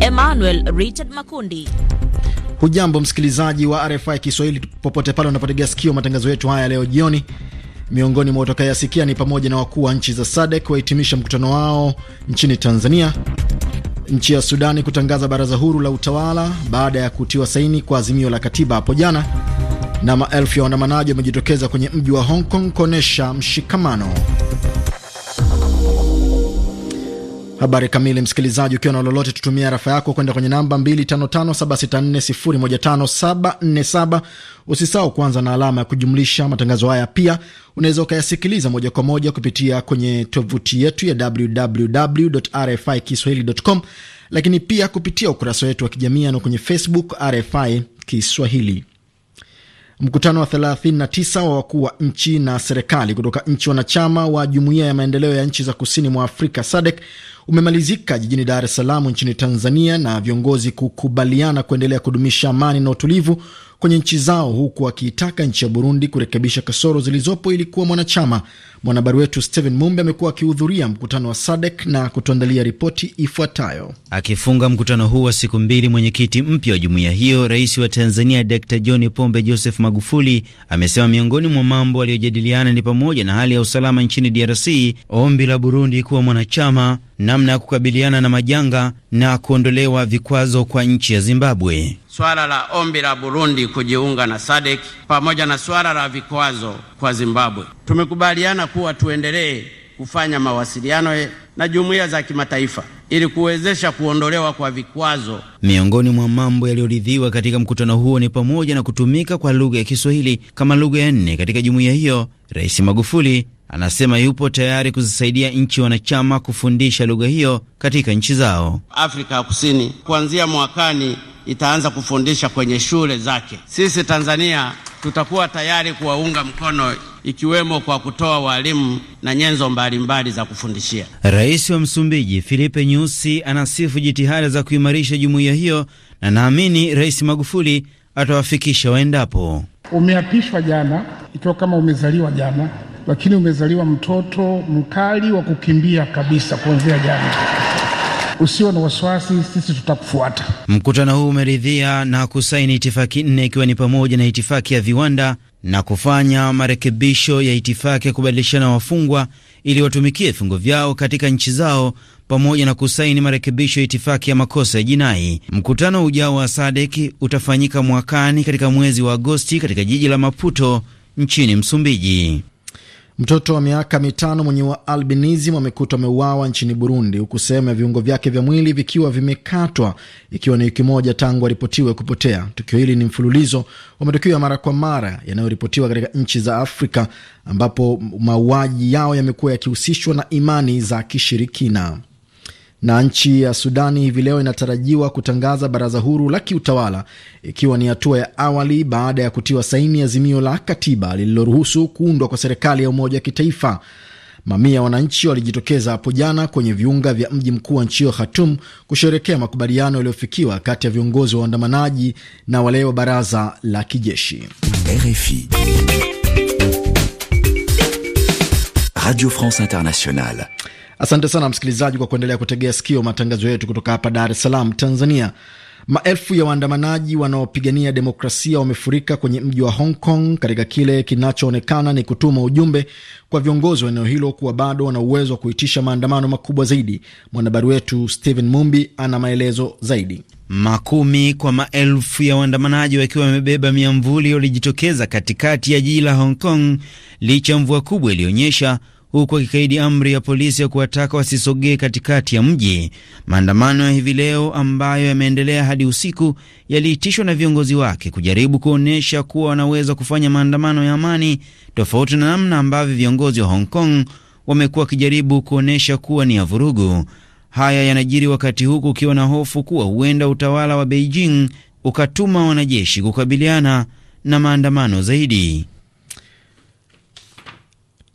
Emmanuel Richard Makundi. Hujambo msikilizaji wa RFI Kiswahili popote pale unapotegea sikio matangazo yetu haya leo jioni. Miongoni mwa utakayasikia ni pamoja na wakuu wa nchi za SADC e wahitimisha mkutano wao nchini Tanzania nchi ya Sudani kutangaza baraza huru la utawala baada ya kutiwa saini kwa azimio la katiba hapo jana, na maelfu ya waandamanaji wamejitokeza kwenye mji wa Hong Kong kuonyesha mshikamano. Habari kamili, msikilizaji, ukiwa na lolote, tutumia rafa yako kwenda kwenye namba 255764015747. Usisahau kuanza na alama ya kujumlisha. Matangazo haya pia unaweza ukayasikiliza moja kwa moja kupitia kwenye tovuti yetu ya www.rfikiswahili.com, lakini pia kupitia ukurasa wetu wa kijamii na yaani kwenye Facebook RFI Kiswahili. Mkutano wa 39 wa wakuu wa nchi na serikali kutoka nchi wanachama wa jumuiya ya maendeleo ya nchi za kusini mwa Afrika SADC e umemalizika jijini Dar es Salaam nchini Tanzania na viongozi kukubaliana kuendelea kudumisha amani na utulivu kwenye nchi zao, huku akiitaka nchi ya Burundi kurekebisha kasoro zilizopo ili kuwa mwanachama. Mwanahabari wetu Stephen Mumbe amekuwa akihudhuria mkutano wa sadek na kutuandalia ripoti ifuatayo. Akifunga mkutano huu wa siku mbili, mwenyekiti mpya wa jumuiya hiyo, rais wa Tanzania Dr John Pombe Joseph Magufuli amesema miongoni mwa mambo aliyojadiliana ni pamoja na hali ya usalama nchini DRC, ombi la Burundi kuwa mwanachama, namna ya kukabiliana na majanga na kuondolewa vikwazo kwa nchi ya Zimbabwe swala la ombi la Burundi kujiunga na SADC pamoja na swala la vikwazo kwa Zimbabwe. Tumekubaliana kuwa tuendelee kufanya mawasiliano na jumuiya za kimataifa ili kuwezesha kuondolewa kwa vikwazo. Miongoni mwa mambo yaliyoridhiwa katika mkutano huo ni pamoja na kutumika kwa lugha ya Kiswahili kama lugha ya nne katika jumuiya hiyo. Rais Magufuli anasema yupo tayari kuzisaidia nchi wanachama kufundisha lugha hiyo katika nchi zao. Afrika ya Kusini kuanzia mwakani itaanza kufundisha kwenye shule zake. Sisi Tanzania tutakuwa tayari kuwaunga mkono ikiwemo kwa kutoa walimu na nyenzo mbalimbali mbali za kufundishia. Rais wa Msumbiji Filipe Nyusi anasifu jitihada za kuimarisha jumuiya hiyo na naamini Rais Magufuli atawafikisha waendapo. Umeapishwa jana, ikiwa kama umezaliwa jana, lakini umezaliwa mtoto mkali wa kukimbia kabisa kuanzia jana. Usiwe na wasiwasi, sisi tutakufuata. Mkutano huu umeridhia na kusaini itifaki nne ikiwa ni pamoja na itifaki ya viwanda, na kufanya marekebisho ya itifaki ya kubadilishana wafungwa ili watumikie vifungo vyao katika nchi zao pamoja na kusaini marekebisho ya itifaki ya makosa ya jinai. Mkutano ujao wa SADC utafanyika mwakani katika mwezi wa Agosti katika jiji la Maputo nchini Msumbiji. Mtoto wa miaka mitano mwenye wa albinism amekutwa ameuawa nchini Burundi, huku sehemu ya viungo vyake vya mwili vikiwa vimekatwa, ikiwa ni wiki moja tangu aripotiwe kupotea. Tukio hili ni mfululizo wa matukio ya mara kwa mara yanayoripotiwa katika nchi za Afrika ambapo mauaji yao yamekuwa yakihusishwa na imani za kishirikina. Na nchi ya Sudani hivi leo inatarajiwa kutangaza baraza huru la kiutawala ikiwa ni hatua ya awali baada ya kutiwa saini azimio la katiba lililoruhusu kuundwa kwa serikali ya umoja wa kitaifa. Mamia ya wananchi walijitokeza hapo jana kwenye viunga vya mji mkuu wa nchi hiyo Khartoum kusherekea makubaliano yaliyofikiwa kati ya viongozi wa waandamanaji na wale wa baraza la kijeshi. RFI Radio France Internationale. Asante sana msikilizaji kwa kuendelea kutegea sikio matangazo yetu kutoka hapa Dar es Salaam, Tanzania. Maelfu ya waandamanaji wanaopigania demokrasia wamefurika kwenye mji wa Hong Kong katika kile kinachoonekana ni kutuma ujumbe kwa viongozi wa eneo hilo kuwa bado wana uwezo wa kuitisha maandamano makubwa zaidi. Mwanahabari wetu Stephen Mumbi ana maelezo zaidi. Makumi kwa maelfu ya waandamanaji wakiwa wamebeba miamvuli walijitokeza katikati ya jiji la Hong Kong licha mvua kubwa iliyonyesha huku akikaidi amri ya polisi ya kuwataka wasisogee katikati ya mji. Maandamano ya hivi leo ambayo yameendelea hadi usiku yaliitishwa na viongozi wake kujaribu kuonyesha kuwa wanaweza kufanya maandamano ya amani, tofauti na namna ambavyo viongozi wa Hong Kong wamekuwa wakijaribu kuonyesha kuwa ni ya vurugu. Haya yanajiri wakati huu kukiwa na hofu kuwa huenda utawala wa Beijing ukatuma wanajeshi kukabiliana na maandamano zaidi.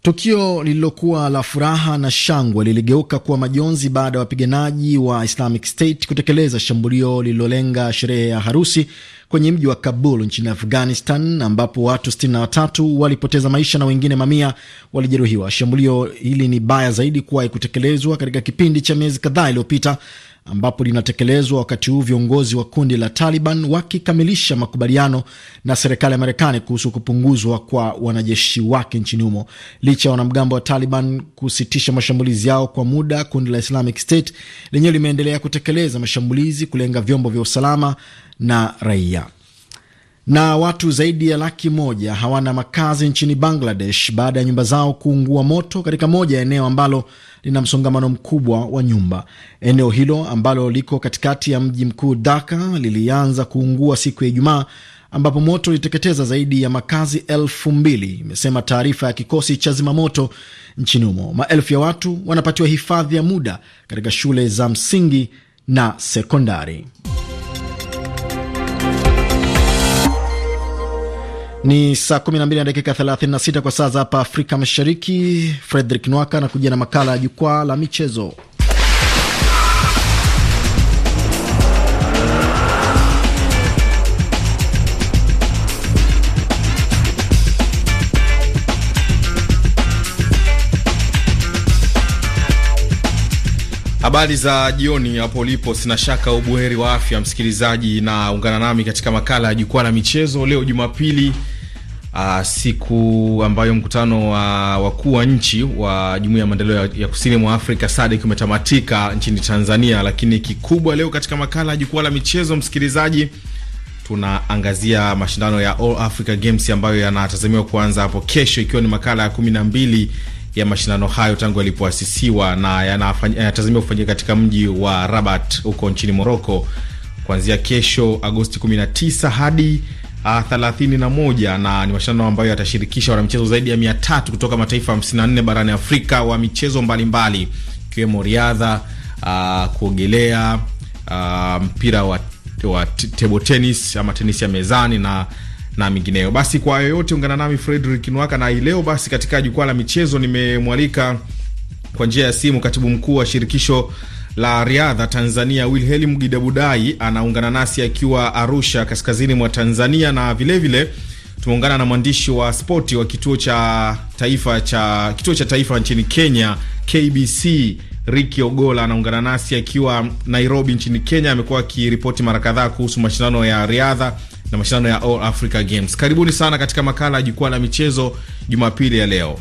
Tukio lililokuwa la furaha na shangwe liligeuka kuwa majonzi baada ya wapiganaji wa Islamic State kutekeleza shambulio lililolenga sherehe ya harusi kwenye mji wa Kabul nchini Afghanistan, ambapo watu 63 walipoteza maisha na wengine mamia walijeruhiwa. Shambulio hili ni baya zaidi kuwahi kutekelezwa katika kipindi cha miezi kadhaa iliyopita, ambapo linatekelezwa wakati huu viongozi wa kundi la Taliban wakikamilisha makubaliano na serikali ya Marekani kuhusu kupunguzwa kwa wanajeshi wake nchini humo. Licha ya wanamgambo wa Taliban kusitisha mashambulizi yao kwa muda, kundi la Islamic State lenyewe limeendelea kutekeleza mashambulizi kulenga vyombo vya usalama na raia. Na watu zaidi ya laki moja hawana makazi nchini Bangladesh baada ya nyumba zao kuungua moto katika moja ya eneo ambalo lina msongamano mkubwa wa nyumba. Eneo hilo ambalo liko katikati ya mji mkuu Dhaka lilianza kuungua siku ya Ijumaa ambapo moto uliteketeza zaidi ya makazi elfu mbili imesema taarifa ya kikosi cha zimamoto nchini humo. Maelfu ya watu wanapatiwa hifadhi ya muda katika shule za msingi na sekondari. Ni saa 12 na dakika 36 kwa saa za hapa Afrika Mashariki. Fredrick Nwaka anakuja na makala ya jukwaa la michezo. Habari za jioni hapo ulipo, sina shaka ubuheri wa afya msikilizaji, na ungana nami katika makala ya jukwaa la michezo leo Jumapili, uh, siku ambayo mkutano wa uh, wakuu wa nchi wa jumuiya ya maendeleo ya kusini mwa Afrika SADC umetamatika nchini Tanzania. Lakini kikubwa leo katika makala ya jukwaa la michezo, msikilizaji, tunaangazia mashindano ya All Africa Games ambayo yanatazamiwa kuanza hapo kesho, ikiwa ni makala ya kumi na mbili ya mashindano hayo tangu yalipoasisiwa na yanatazamia kufanyika katika mji wa Rabat huko nchini Moroko kuanzia kesho Agosti 19 hadi uh, ah, 31 na ni mashindano ambayo yatashirikisha wanamichezo zaidi ya 300 kutoka mataifa 54 barani Afrika wa michezo mbalimbali ikiwemo riadha, uh, kuogelea, uh, mpira wa, wa table tennis ama tenisi ya mezani na na mingineyo. Basi kwa yoyote, ungana nami Fredrick Nwaka, na leo basi katika jukwaa la michezo nimemwalika kwa njia ya simu katibu mkuu wa shirikisho la riadha Tanzania Wilhelm Gidabudai anaungana nasi akiwa Arusha, kaskazini mwa Tanzania, na vilevile tumeungana na mwandishi wa spoti wa kituo cha taifa cha kituo cha taifa nchini Kenya KBC Ricky Ogola anaungana nasi akiwa Nairobi nchini Kenya. Amekuwa akiripoti mara kadhaa kuhusu mashindano ya riadha na mashindano ya All Africa Games. Karibuni sana katika makala ya jukwaa la michezo Jumapili ya leo.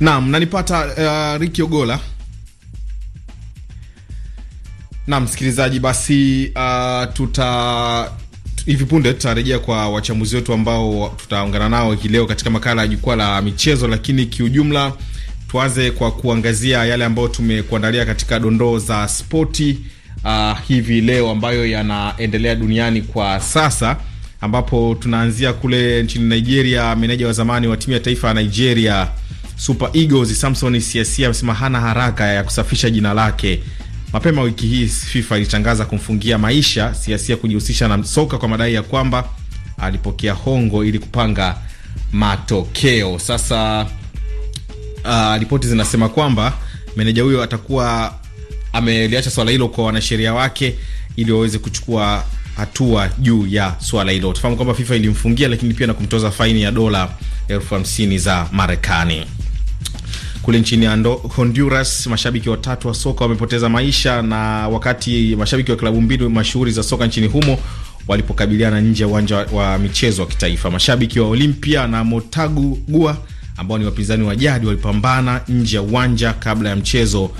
Naam, nanipata uh, Ricky Ogola. Naam, msikilizaji, basi uh, tuta hivi punde tutarejea kwa wachambuzi wetu ambao tutaungana nao hii leo katika makala ya jukwaa la michezo, lakini kiujumla tuanze kwa kuangazia yale ambayo tumekuandalia katika dondoo za spoti uh, hivi leo ambayo yanaendelea duniani kwa sasa, ambapo tunaanzia kule nchini Nigeria. Meneja wa zamani wa timu ya taifa ya Nigeria Super Eagles Samson Siasia amesema hana haraka ya kusafisha jina lake. Mapema wiki hii FIFA ilitangaza kumfungia maisha Siasia kujihusisha na soka kwa madai ya kwamba alipokea hongo ili kupanga matokeo. Sasa uh, ripoti zinasema kwamba meneja huyo atakuwa ameliacha swala hilo kwa wanasheria wake ili waweze kuchukua hatua juu ya swala hilo. Tufahamu kwamba FIFA ilimfungia lakini pia na kumtoza faini ya dola elfu hamsini za Marekani. Kule nchini Honduras, mashabiki watatu wa soka wamepoteza maisha, na wakati mashabiki wa klabu mbili mashuhuri za soka nchini humo walipokabiliana nje ya uwanja wa michezo wa kitaifa. Mashabiki wa Olimpia na Motagua ambao ni wapinzani wa jadi walipambana nje ya uwanja kabla ya mchezo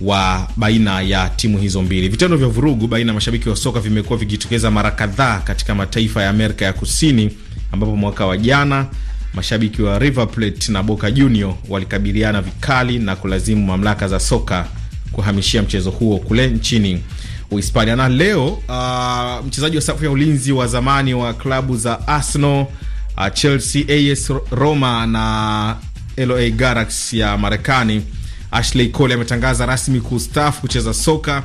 wa baina ya timu hizo mbili. Vitendo vya vurugu baina ya mashabiki wa soka vimekuwa vikitokeza mara kadhaa katika mataifa ya Amerika ya Kusini, ambapo mwaka wa jana mashabiki wa River Plate na Boca Junior walikabiliana vikali na kulazimu mamlaka za soka kuhamishia mchezo huo kule nchini Uhispania. Na leo uh, mchezaji wa safu ya ulinzi wa zamani wa klabu za Arsenal, uh, Chelsea, AS Roma na LA Galaxy ya Marekani Ashley Cole ametangaza rasmi kustaafu kucheza soka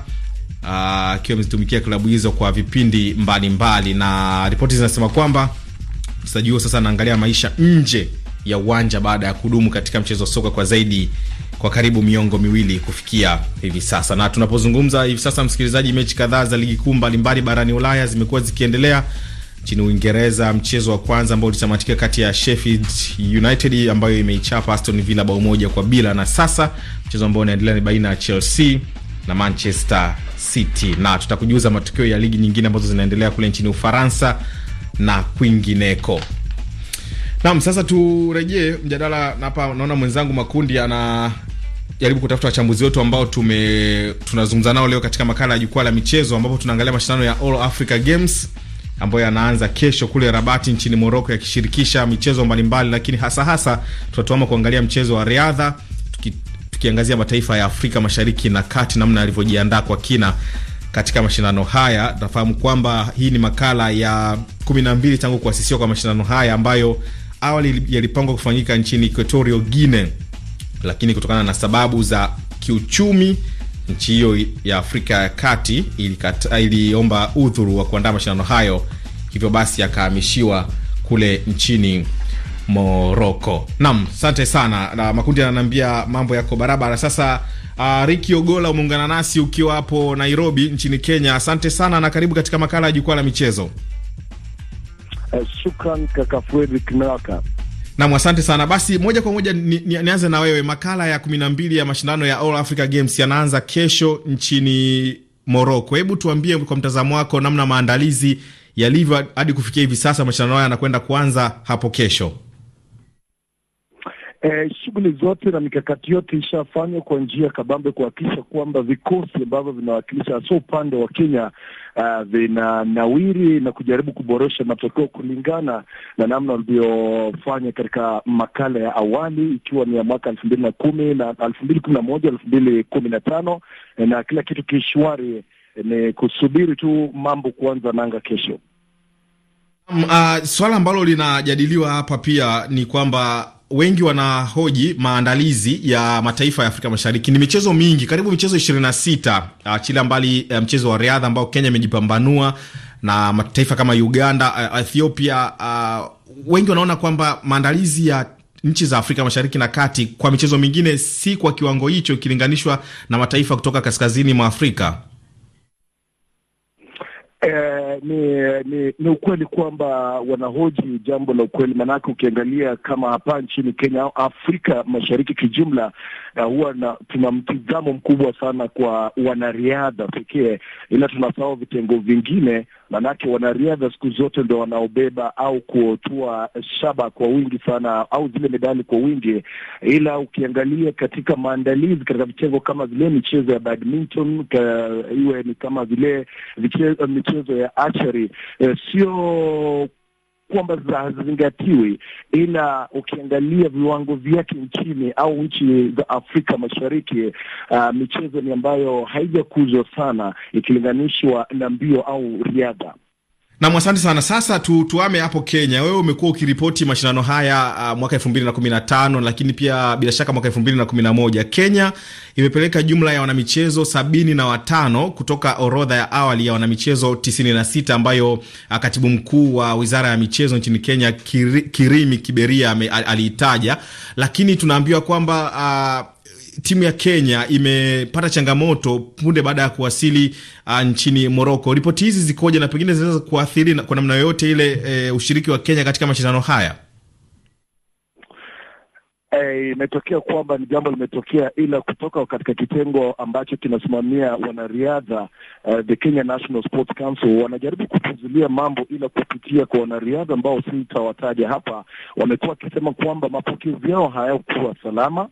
ah, akiwa amezitumikia klabu hizo kwa vipindi mbalimbali mbali. Na ripoti zinasema kwamba mchezaji huo sasa anaangalia maisha nje ya uwanja baada ya kudumu katika mchezo wa soka kwa zaidi kwa karibu miongo miwili kufikia hivi sasa. Na tunapozungumza hivi sasa, msikilizaji, mechi kadhaa za ligi kuu mbalimbali barani Ulaya zimekuwa zikiendelea nchini Uingereza, mchezo wa kwanza ambao ulitamatika kati ya Sheffield United ambayo imeichapa Aston Villa bao moja kwa bila, na sasa mchezo ambao unaendelea ni baina ya Chelsea na Manchester City, na tutakujuza matukio ya ligi nyingine ambazo zinaendelea kule nchini Ufaransa na kwingineko. Naam, sasa turejee mjadala hapa. Naona mwenzangu Makundi ana jaribu kutafuta wachambuzi wetu ambao tume tunazungumza nao leo katika makala ya jukwaa la michezo, ambapo tunaangalia mashindano ya All Africa Games ambayo yanaanza kesho kule Rabati nchini Moroko, yakishirikisha michezo mbalimbali, lakini hasa hasa tunatuama kuangalia mchezo wa riadha tuki, tukiangazia mataifa ya Afrika Mashariki na Kati namna yalivyojiandaa kwa kina katika mashindano haya. Nafahamu kwamba hii ni makala ya mbili tangu kuasisiwa kwa mashindano haya ambayo awali yalipangwa kufanyika nchini Equatorial Guinea, lakini kutokana na sababu za kiuchumi Nchi hiyo ya Afrika ya Kati ilikata, iliomba udhuru wa kuandaa mashindano hayo, hivyo basi yakahamishiwa kule nchini Moroko. Naam, asante sana na makundi ananiambia mambo yako barabara. Sasa uh, ah, Riki Ogola umeungana nasi ukiwa hapo Nairobi nchini Kenya. Asante sana na karibu katika makala ya jukwaa la michezo. Uh, shukran kaka Fredrick Nam, asante sana. Basi moja kwa moja ni, ni, nianze na wewe. Makala ya kumi na mbili ya mashindano ya All Africa Games yanaanza kesho nchini Moroko. Hebu tuambie kwa mtazamo wako namna maandalizi yalivyo hadi kufikia hivi sasa. Mashindano haya yanakwenda kuanza hapo kesho. Eh, shughuli zote na mikakati yote ishafanywa kwa njia kabambe kuhakikisha kwamba vikosi ambavyo vinawakilisha hasa upande wa Kenya uh, vinanawiri na kujaribu kuboresha matokeo kulingana na namna walivyofanya katika makala ya awali, ikiwa ni ya mwaka elfu mbili na kumi na elfu mbili kumi na moja elfu mbili kumi na tano eh, na kila kitu kishwari. Eh, ni kusubiri tu mambo kuanza nanga kesho. Um, uh, swala ambalo linajadiliwa hapa pia ni kwamba wengi wanahoji maandalizi ya mataifa ya Afrika Mashariki. Ni michezo mingi, karibu michezo 26 achilia mbali mchezo wa riadha ambao Kenya imejipambanua na mataifa kama Uganda, uh, Ethiopia. Uh, wengi wanaona kwamba maandalizi ya nchi za Afrika Mashariki na Kati kwa michezo mingine si kwa kiwango hicho ikilinganishwa na mataifa kutoka kaskazini mwa Afrika. Eh, ni, ni, ni ukweli kwamba wanahoji jambo la ukweli, maanake ukiangalia kama hapa nchini Kenya au Afrika Mashariki kijumla, uh, huwa na, tuna mtizamo mkubwa sana kwa wanariadha pekee, ila tunasahau vitengo vingine, maanake wanariadha siku zote ndo wanaobeba au kuotua shaba kwa wingi sana au zile medali kwa wingi, ila ukiangalia katika maandalizi katika vitengo kama vile michezo ya badminton ka, iwe ni kama vile michezo ya archery eh, sio kwamba hazizingatiwi, ila ukiangalia viwango vyake nchini au nchi za Afrika Mashariki, uh, michezo ni ambayo haijakuzwa sana ikilinganishwa na mbio au riadha. Nam, asante sana. Sasa tu, tuame hapo Kenya. Wewe umekuwa ukiripoti mashindano haya uh, mwaka elfu mbili na kumi na tano lakini pia bila shaka mwaka elfu mbili na kumi na moja Kenya imepeleka jumla ya wanamichezo sabini na watano kutoka orodha ya awali ya wanamichezo tisini na sita ambayo uh, katibu mkuu wa wizara ya michezo nchini Kenya Kiri, Kirimi Kiberia aliitaja, lakini tunaambiwa kwamba uh, timu ya Kenya imepata changamoto punde baada ya kuwasili uh, nchini Moroko. Ripoti hizi zikoje na pengine zinaweza kuathiri kwa namna yoyote ile uh, ushiriki wa Kenya katika mashindano haya? Eh, imetokea kwamba ni jambo limetokea, ila kutoka katika kitengo ambacho kinasimamia wanariadha uh, the Kenya National Sports Council wanajaribu kupuzulia mambo, ila kupitia kwa wanariadha ambao sitawataja hapa, wamekuwa wakisema kwamba mapokezi yao hayakuwa salama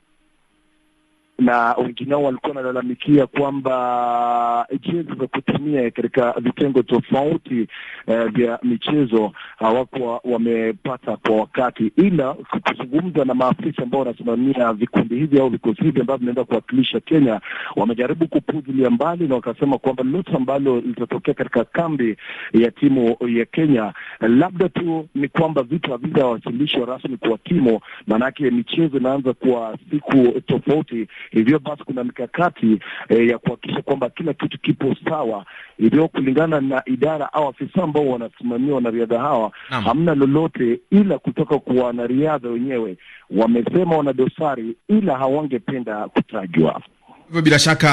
na wengineo walikuwa wanalalamikia kwamba eh, jezi za kutumia katika vitengo tofauti eh, vya michezo hawako wamepata kwa wakati, ila kuzungumza na maafisa ambao wanasimamia vikundi hivi au vikosi hivi ambavyo vinaenda kuwakilisha Kenya, wamejaribu kupuzilia mbali na wakasema kwamba lolote ambalo litatokea katika kambi ya timu ya Kenya, labda tu ni kwamba vitu havijawasilishwa rasmi kwa timu, maanake michezo inaanza kwa siku tofauti hivyo basi kuna mikakati e, ya kuhakikisha kwamba kila kitu kipo sawa, hivyo kulingana na idara au afisa ambao wanasimamia wanariadha hawa Nama. hamna lolote ila kutoka kwa wanariadha wenyewe, wamesema wana dosari ila hawangependa kutajwa hivyo bila shaka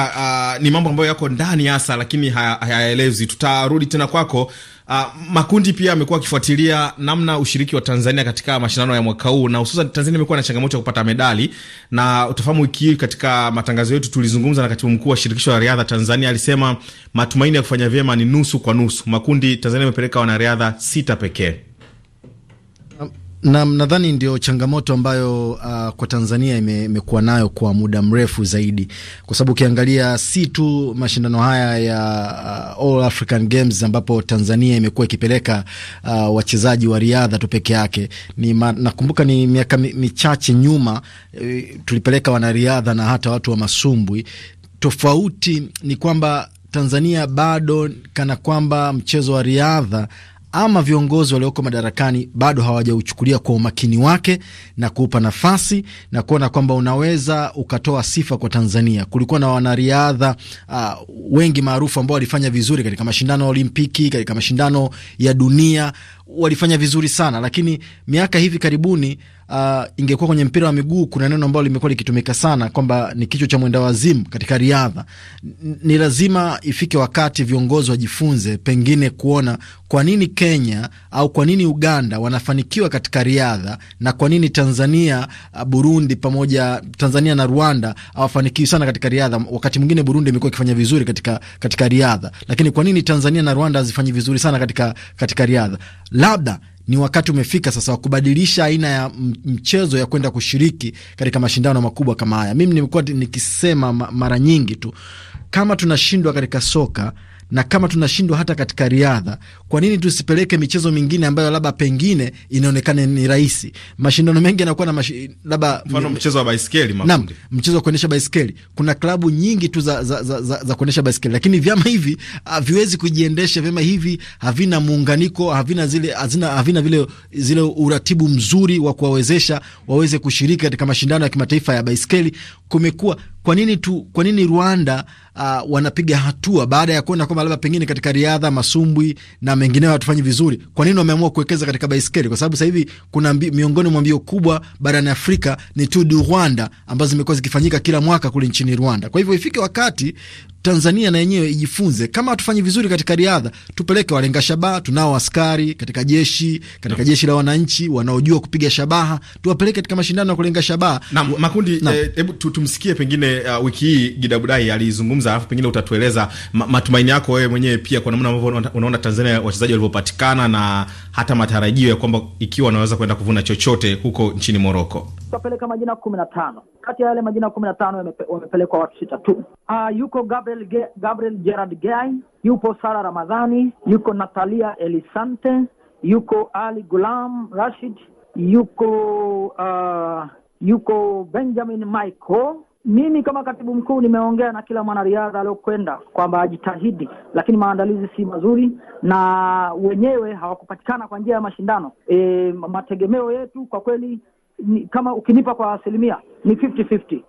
uh, ni mambo ambayo yako ndani hasa, lakini hayaelezwi. Haya, tutarudi tena kwako. Uh, makundi pia amekuwa akifuatilia namna ushiriki wa Tanzania katika mashindano ya mwaka huu na hususan Tanzania imekuwa na changamoto ya kupata medali, na utafahamu wiki hii katika matangazo yetu tulizungumza na katibu mkuu wa shirikisho la riadha Tanzania, alisema matumaini ya kufanya vyema ni nusu kwa nusu. Makundi Tanzania imepeleka wanariadha sita pekee. Naam, nadhani ndio changamoto ambayo uh, kwa Tanzania imekuwa nayo kwa muda mrefu zaidi, kwa sababu ukiangalia si tu mashindano haya ya uh, All African Games ambapo Tanzania imekuwa ikipeleka uh, wachezaji wa riadha tu peke yake. Ni nakumbuka ni miaka michache nyuma e, tulipeleka wanariadha na hata watu wa masumbwi. Tofauti ni kwamba Tanzania bado kana kwamba mchezo wa riadha ama viongozi walioko madarakani bado hawajauchukulia kwa umakini wake na kuupa nafasi na kuona kwamba unaweza ukatoa sifa kwa Tanzania. Kulikuwa na wanariadha uh, wengi maarufu ambao walifanya vizuri katika mashindano ya Olimpiki, katika mashindano ya dunia walifanya vizuri sana, lakini miaka hivi karibuni uh, ingekuwa kwenye mpira wa miguu, kuna neno ambalo limekuwa likitumika sana kwamba ni kichwa cha mwenda wazimu katika riadha. Ni lazima ifike wakati viongozi wajifunze pengine kuona kwa nini Kenya au kwa nini Uganda wanafanikiwa katika riadha na kwa nini Tanzania, uh, Burundi pamoja Tanzania na Rwanda hawafanikiwi sana katika riadha. Wakati mwingine Burundi imekuwa ikifanya vizuri katika, katika riadha, lakini kwa nini Tanzania na Rwanda hazifanyi vizuri sana katika, katika riadha labda ni wakati umefika sasa wa kubadilisha aina ya mchezo ya kwenda kushiriki katika mashindano makubwa kama haya. Mimi nimekuwa nikisema mara nyingi tu, kama tunashindwa katika soka na kama tunashindwa hata katika riadha, kwa nini tusipeleke michezo mingine ambayo labda pengine inaonekana ni rahisi? Mashindano mengi yanakuwa na mashi, labda mfano mchezo wa baiskeli mafundi, mchezo wa kuendesha baiskeli. Kuna klabu nyingi tu za, za, za, za, za kuendesha baiskeli, lakini vyama hivi haviwezi ah, kujiendesha vyama hivi, havina muunganiko, havina zile, hazina, havina vile zile uratibu mzuri wa kuwawezesha waweze kushiriki katika mashindano ya kimataifa ya baiskeli. Kumekuwa kwa nini tu, kwa nini Rwanda uh, wanapiga hatua baada ya kuona kwamba labda pengine katika riadha, masumbwi na mengineo hatufanyi vizuri? Kwa nini wameamua kuwekeza katika baiskeli? Kwa sababu sasa hivi kuna mbi, miongoni mwa mbio kubwa barani Afrika ni Tour du Rwanda ambazo zimekuwa zikifanyika kila mwaka kule nchini Rwanda. Kwa hivyo ifike wakati Tanzania na yenyewe ijifunze. Kama hatufanyi vizuri katika riadha, tupeleke walenga shabaha. Tunao askari katika jeshi, katika jeshi la wananchi wanaojua kupiga shabaha, tuwapeleke katika mashindano ya kulenga shabaha na makundi. Eh, hebu eh, tumsikie pengine, uh, wiki hii Gidabudai alizungumza, alafu pengine utatueleza ma, matumaini yako wewe mwenyewe pia kwa namna ambavyo unaona Tanzania wachezaji walivyopatikana na hata matarajio ya kwamba ikiwa wanaweza kwenda kuvuna chochote huko nchini Moroko? Tukapeleka majina kumi na tano kati ya yale majina kumi na tano wamepelekwa watu sita tu. Uh, yuko Gabriel, Ge Gabriel Gerard Gay, yupo Sara Ramadhani, yuko Natalia Elisante, yuko Ali Gulam Rashid, yuko uh, yuko Benjamin Michael mimi kama katibu mkuu nimeongea na kila mwanariadha aliyokwenda kwamba ajitahidi, lakini maandalizi si mazuri na wenyewe hawakupatikana kwa njia ya mashindano. E, mategemeo yetu kwa kweli ni, kama ukinipa kwa asilimia ni 50-50.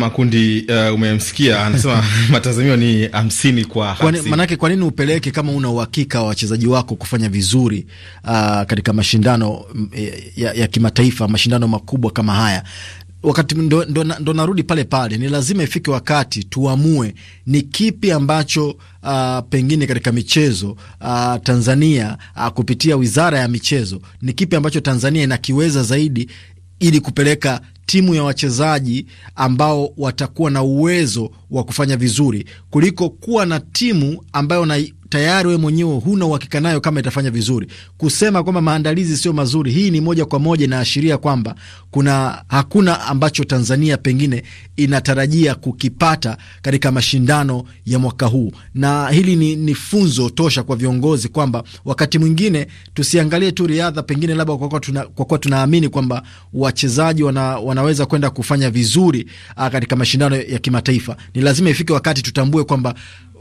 Makundi uh, umemsikia anasema *laughs* matazamio ni hamsini kwa hamsini. Manake kwa nini upeleke kama una uhakika wa wachezaji wako kufanya vizuri uh, katika mashindano mm, ya, ya kimataifa, mashindano makubwa kama haya? wakati ndo, ndo, ndo narudi pale pale, ni lazima ifike wakati tuamue ni kipi ambacho Uh, pengine katika michezo uh, Tanzania uh, kupitia Wizara ya Michezo ni kipi ambacho Tanzania inakiweza zaidi ili kupeleka timu ya wachezaji ambao watakuwa na uwezo wa kufanya vizuri kuliko kuwa na timu ambayo na tayari wewe mwenyewe huna uhakika nayo kama itafanya vizuri. Kusema kwamba maandalizi sio mazuri, hii ni moja kwa moja inaashiria kwamba kuna hakuna ambacho Tanzania pengine inatarajia kukipata katika mashindano ya mwaka huu, na hili ni, ni funzo tosha kwa viongozi kwamba wakati mwingine tusiangalie tu riadha pengine labda kwa kuwa tuna, kwa kuwa tunaamini kwamba wachezaji wana, wanaweza kwenda kufanya vizuri ah, katika mashindano ya kimataifa. Ni lazima ifike wakati tutambue kwamba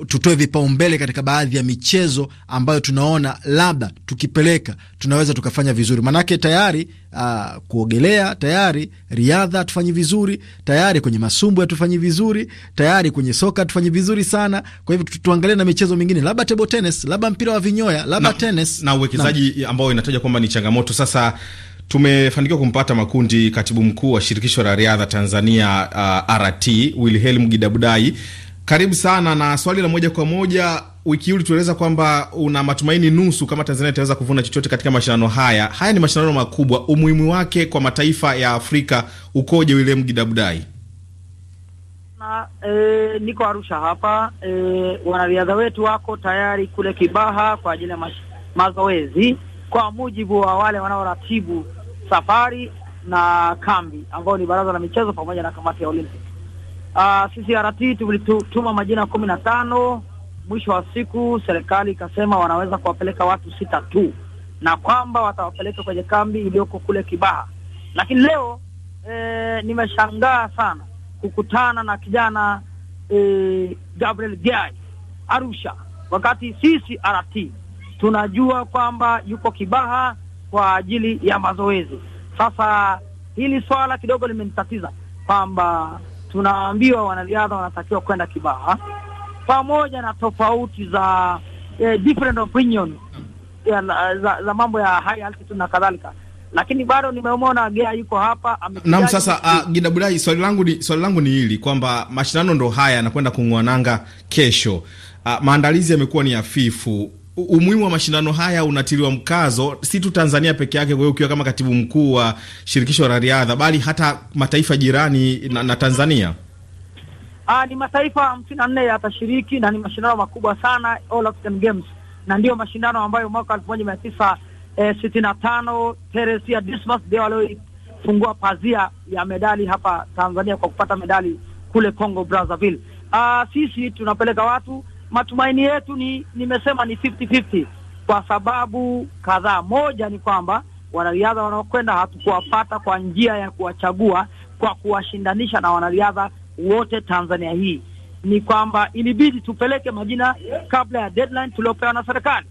tutoe vipaumbele katika baadhi ya michezo ambayo tunaona labda tukipeleka tunaweza tukafanya vizuri, manake tayari uh, kuogelea tayari, riadha hatufanyi vizuri tayari, kwenye masumbu atufanyi vizuri tayari, kwenye soka tufanyi vizuri sana. Kwa hivyo tuangalie na michezo mingine, labda table tennis, labda mpira wa vinyoya, labda tennis na uwekezaji ambao inataja kwamba ni changamoto sasa tumefanikiwa kumpata Makundi, katibu mkuu wa shirikisho la riadha Tanzania, uh, RT Wilhelm Gidabudai karibu sana na swali la moja kwa moja. Wiki hii ulitueleza kwamba una matumaini nusu kama Tanzania itaweza kuvuna chochote katika mashindano haya. Haya ni mashindano makubwa, umuhimu wake kwa mataifa ya Afrika ukoje, William Gidabudai? Na, e, niko Arusha hapa e, wanariadha wetu wako tayari kule Kibaha kwa ajili ya mazoezi kwa mujibu wa wale wanaoratibu safari na kambi ambao ni baraza la michezo pamoja na kamati ya Olympic. Uh, ah, sisi RT tulituma majina kumi na tano. Mwisho wa siku serikali ikasema wanaweza kuwapeleka watu sita tu, na kwamba watawapeleka kwenye kambi iliyoko kule Kibaha. Lakini leo e, nimeshangaa sana kukutana na kijana e, Gabriel Gai Arusha, wakati sisi RT tunajua kwamba yuko Kibaha kwa ajili ya mazoezi. Sasa hili swala kidogo limenitatiza kwamba tunaambiwa wanariadha wanatakiwa kwenda Kibaha pamoja na tofauti za eh, different opinion ya, za, za mambo ya high altitude na kadhalika, lakini bado nimeona Gea yuko hapa naam. Sasa uh, ah, Gidabulai, swali langu ni swali langu ni hili kwamba mashindano ndo haya yanakwenda kung'wananga kesho. Uh, maandalizi yamekuwa ni hafifu umuhimu wa mashindano haya unatiliwa mkazo si tu Tanzania peke yake. Kwa hiyo ukiwa kama katibu mkuu wa shirikisho la riadha, bali hata mataifa jirani na, na Tanzania. Aa, ah, ni mataifa hamsini na nne yatashiriki na ni mashindano makubwa sana, All African Games, na ndiyo mashindano ambayo mwaka elfu moja mia tisa eh, sitini na tano Teresia Dismas ndio walioifungua pazia ya medali hapa Tanzania kwa kupata medali kule Congo Brazzaville. Ah, sisi tunapeleka watu matumaini yetu ni, nimesema ni 50-50 kwa sababu kadhaa. Moja ni kwamba wanariadha wanaokwenda hatukuwapata kwa njia ya kuwachagua kwa kuwashindanisha na wanariadha wote Tanzania hii, ni kwamba ilibidi tupeleke majina kabla ya deadline tuliopewa na serikali,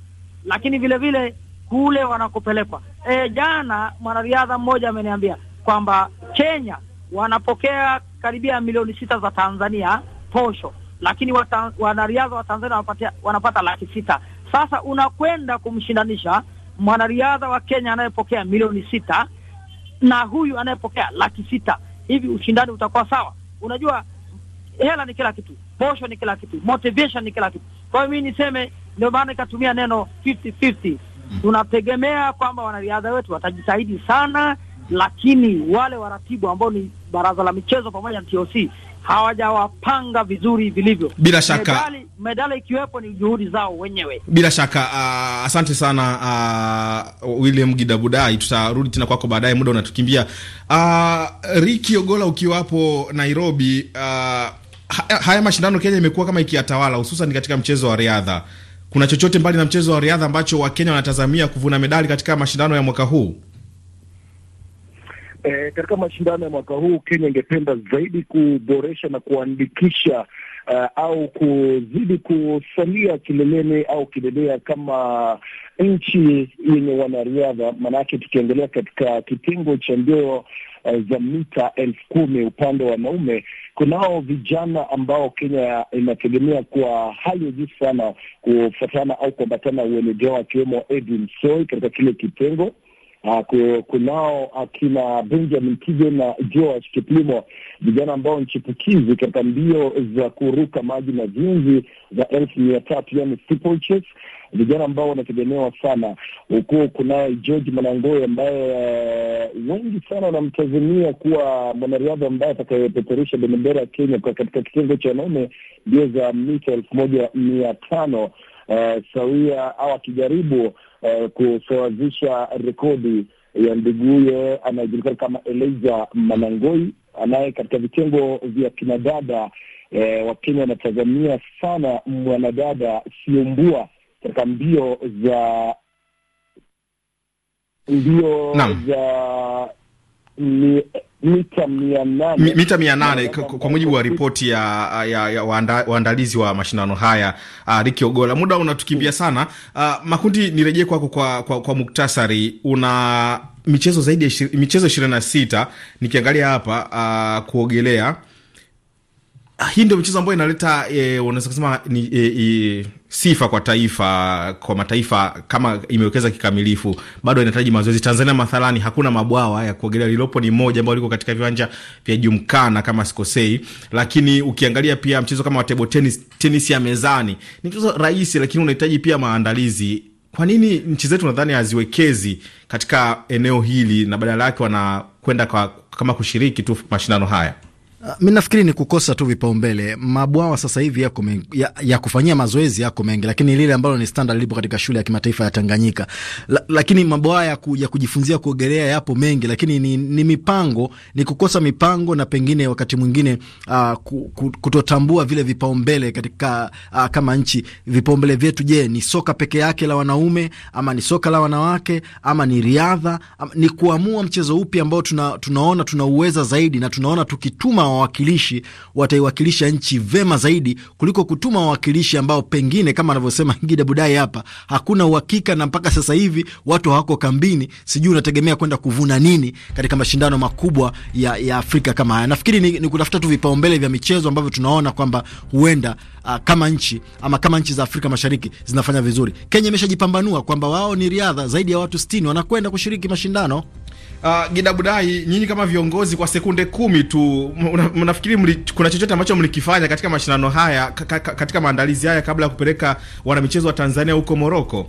lakini vile vile kule wanakopelekwa. E, jana mwanariadha mmoja ameniambia kwamba Kenya wanapokea karibia milioni sita za Tanzania posho lakini wanariadha wa Tanzania wanapata, wanapata laki sita. Sasa unakwenda kumshindanisha mwanariadha wa Kenya anayepokea milioni sita na huyu anayepokea laki sita, hivi ushindani utakuwa sawa? Unajua, hela ni kila kitu, posho ni kila kitu, motivation ni kila kitu. Kwa hiyo mimi niseme, ndio maana nikatumia neno 50-50. Tunategemea kwamba wanariadha wetu watajitahidi sana, lakini wale waratibu ambao ni baraza la michezo pamoja na TOC hawajawapanga vizuri vilivyo. Bila shaka medali, ikiwepo ni juhudi zao wenyewe. Bila shaka uh, asante sana uh, William Gidabudai, tutarudi tena kwako baadaye, muda unatukimbia. Uh, ah, Riki Ogola ukiwapo Nairobi, uh, haya mashindano Kenya imekuwa kama ikiyatawala, hususan katika mchezo wa riadha. Kuna chochote mbali na mchezo wa riadha ambacho Wakenya wanatazamia kuvuna medali katika mashindano ya mwaka huu? E, katika mashindano ya mwaka huu Kenya ingependa zaidi kuboresha na kuandikisha Uh, au kuzidi kusalia kileleni au kidedea kama nchi yenye wanariadha. Maanake tukiangalia katika kitengo cha mbio uh, za mita elfu kumi upande wa wanaume, kunao vijana ambao Kenya inategemea kwa hali ya juu sana kufuatana au kuambatana uelejeo, akiwemo Edwin katika kile kitengo kunao akina Benjamin kige na Joash Kiplimo, vijana ambao ni chipukizi katika mbio za kuruka maji na viunzi za elfu mia tatu yani vijana ambao wanategemewa sana huku. Kunaye George Manangoe ambaye eh, wengi sana wanamtazamia kuwa mwanariadha ambaye atakayepeperusha bendera ya Kenya katika kitengo cha wanaume mbio za mita elfu moja mia tano uh, sawia au akijaribu eh, kusawazisha rekodi ya nduguye anayejulikana kama Elijah Manangoi anaye katika vitengo vya kinadada eh, Wakenya wanatazamia sana mwanadada Siombua katika mbio za mbio za ni mita mia nane kwa mujibu wa ripoti ya, ya, ya waandalizi wa mashindano haya. Uh, Riki Ogola, muda unatukimbia sana. Uh, Makundi, nirejee kwako kwa, kwa, kwa muktasari. Una michezo zaidi ya michezo ishirini na sita nikiangalia hapa, uh, kuogelea Ah, hii ndio michezo ambayo inaleta e, kusema ni e, e, sifa kwa taifa kwa mataifa kama imewekeza kikamilifu, bado inahitaji mazoezi. Tanzania mathalani, hakuna mabwawa ya kuogelea, lilopo ni moja ambao liko katika viwanja vya Jumkana kama sikosei. Lakini ukiangalia pia mchezo kama wa table tennis, tenisi ya mezani ni mchezo rahisi, lakini unahitaji pia maandalizi. Kwa nini nchi zetu nadhani haziwekezi katika eneo hili na badala yake wanakwenda kama kushiriki tu mashindano haya? Ah, Mi nafikiri ni kukosa tu vipaumbele. Mabwawa sasa hivi yako me, ya, ya kufanyia mazoezi yako mengi, lakini lile ambalo ni standard lipo katika shule ya kimataifa ya Tanganyika la, lakini mabwawa ya, ku, ya kujifunzia kuogelea yapo mengi, lakini ni, ni mipango, ni kukosa mipango na pengine wakati mwingine uh, kutotambua vile vipaumbele katika uh, kama nchi. Vipaumbele vyetu, je, ni soka peke yake la wanaume ama ni soka la wanawake ama ni riadha ama, ni kuamua mchezo upi ambao tuna, tunaona tunauweza zaidi na tunaona tukituma wawakilishi wataiwakilisha nchi vema zaidi kuliko kutuma wawakilishi ambao pengine kama anavyosema *laughs* Gida Budai hapa, hakuna uhakika na mpaka sasa hivi watu hawako kambini, sijui unategemea kwenda kuvuna nini katika mashindano makubwa ya, ya Afrika kama haya. Nafikiri ni, ni kutafuta tu vipaumbele vya michezo ambavyo tunaona kwamba huenda uh, kama nchi ama kama nchi za Afrika Mashariki zinafanya vizuri. Kenya imeshajipambanua kwamba wao ni riadha, zaidi ya watu 60 wanakwenda kushiriki mashindano uh, Gidabudai, nyinyi kama viongozi, kwa sekunde kumi tu, mnafikiri kuna chochote ambacho mlikifanya katika mashindano haya katika maandalizi haya kabla ya kupeleka wanamichezo wa Tanzania huko Moroko?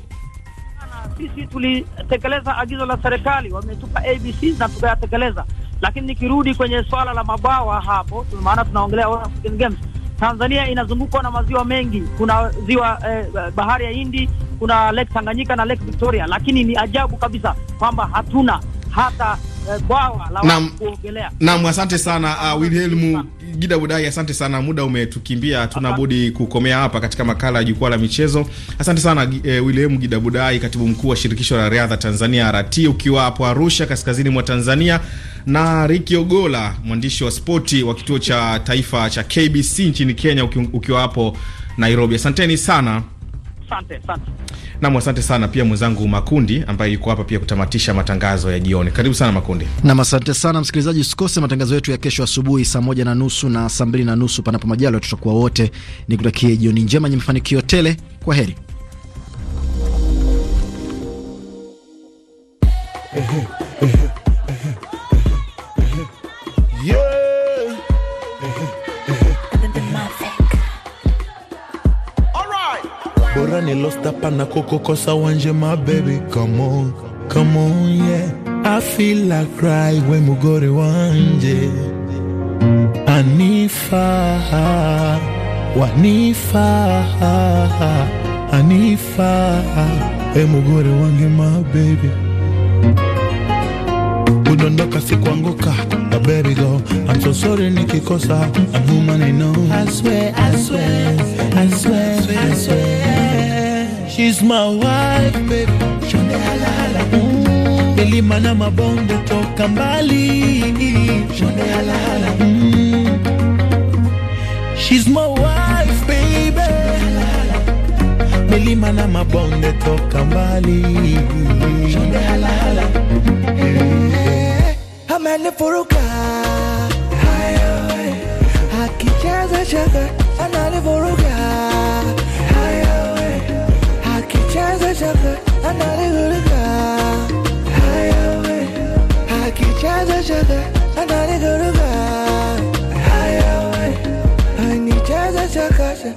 Sisi tulitekeleza agizo la serikali, wametupa ABC na tukayatekeleza, lakini nikirudi kwenye swala la mabawa hapo, maana tunaongelea African Games, Tanzania inazungukwa na maziwa mengi. Kuna ziwa eh, bahari ya Hindi, kuna Lake Tanganyika na Lake Victoria, lakini ni ajabu kabisa kwamba hatuna hata eh, bwawa la kuogelea. Naam, asante sana uh, Wilhelm Gida Budai, asante sana, muda umetukimbia, hatuna budi kukomea hapa katika makala ya jukwaa la michezo. Asante sana uh, Wilhelm Gida Budai, katibu mkuu wa shirikisho la riadha Tanzania RT, ukiwa hapo Arusha kaskazini mwa Tanzania, na Riki Ogola, mwandishi wa spoti wa kituo cha taifa cha KBC nchini Kenya, ukiwa hapo Nairobi. Asanteni sana. Asante, Nam, asante sana pia mwenzangu Makundi ambaye yuko hapa pia kutamatisha matangazo ya jioni. Karibu sana Makundi. Nam, asante sana msikilizaji, usikose matangazo yetu ya kesho asubuhi saa moja na nusu na saa mbili na nusu panapo majalo, tutakuwa wote. Ni kutakie jioni njema yenye mafanikio tele. Kwa heri. Ehe, ehe. ni lost up and a coco cause I my baby come on come on yeah I feel like cry when we go to wanje Anifa Wanifa Anifa Emugore wanje my baby kudondoka si kuanguka my baby go I'm so sorry nikikosa I'm human I know I swear I swear I swear I swear I swear, I swear. She's my wife, baby. Shonde hala hala. Mm. Milima na mabonde toka mbali. Shonde hala hala. Mm. She's my wife, baby. Hala hala. Milima na mabonde toka mbali. Shonde hala hala. Mm. Amani furuka. Hayo. Akicheza shaka analivuruga. chakla andaligurga hayawe hakichaza chakla andaligurga hayawe hanichaza chakasha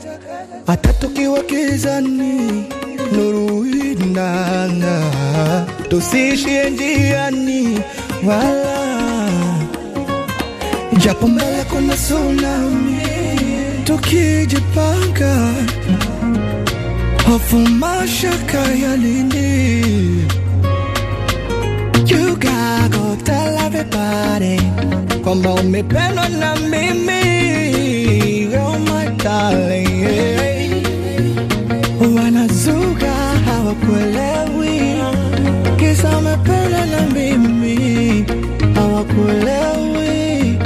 hata tukiwa kizani nuruinana tusishie njiani wala japo mbele kuna tsunami tukijipanga hofu, mashaka ya nini? kwamba umependwa na mimi, oh my darling, yeah. Wanazuga hawakuelewi kisa umependwa na mimi, hawakuelewi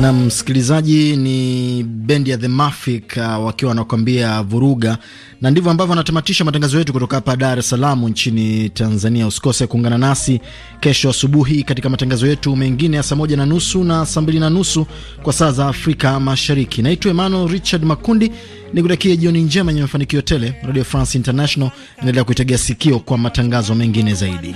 na msikilizaji ni bendi ya The Mafic uh, wakiwa wanakuambia vuruga, na ndivyo ambavyo wanatamatisha matangazo yetu kutoka hapa Dar es Salaam nchini Tanzania. Usikose kuungana nasi kesho asubuhi katika matangazo yetu mengine ya saa moja na nusu na saa mbili na nusu kwa saa za Afrika Mashariki. Naitwa Emmanuel Richard Makundi, nikutakie jioni njema yenye mafanikio tele. Radio France International inaendelea kuitegea sikio kwa matangazo mengine zaidi.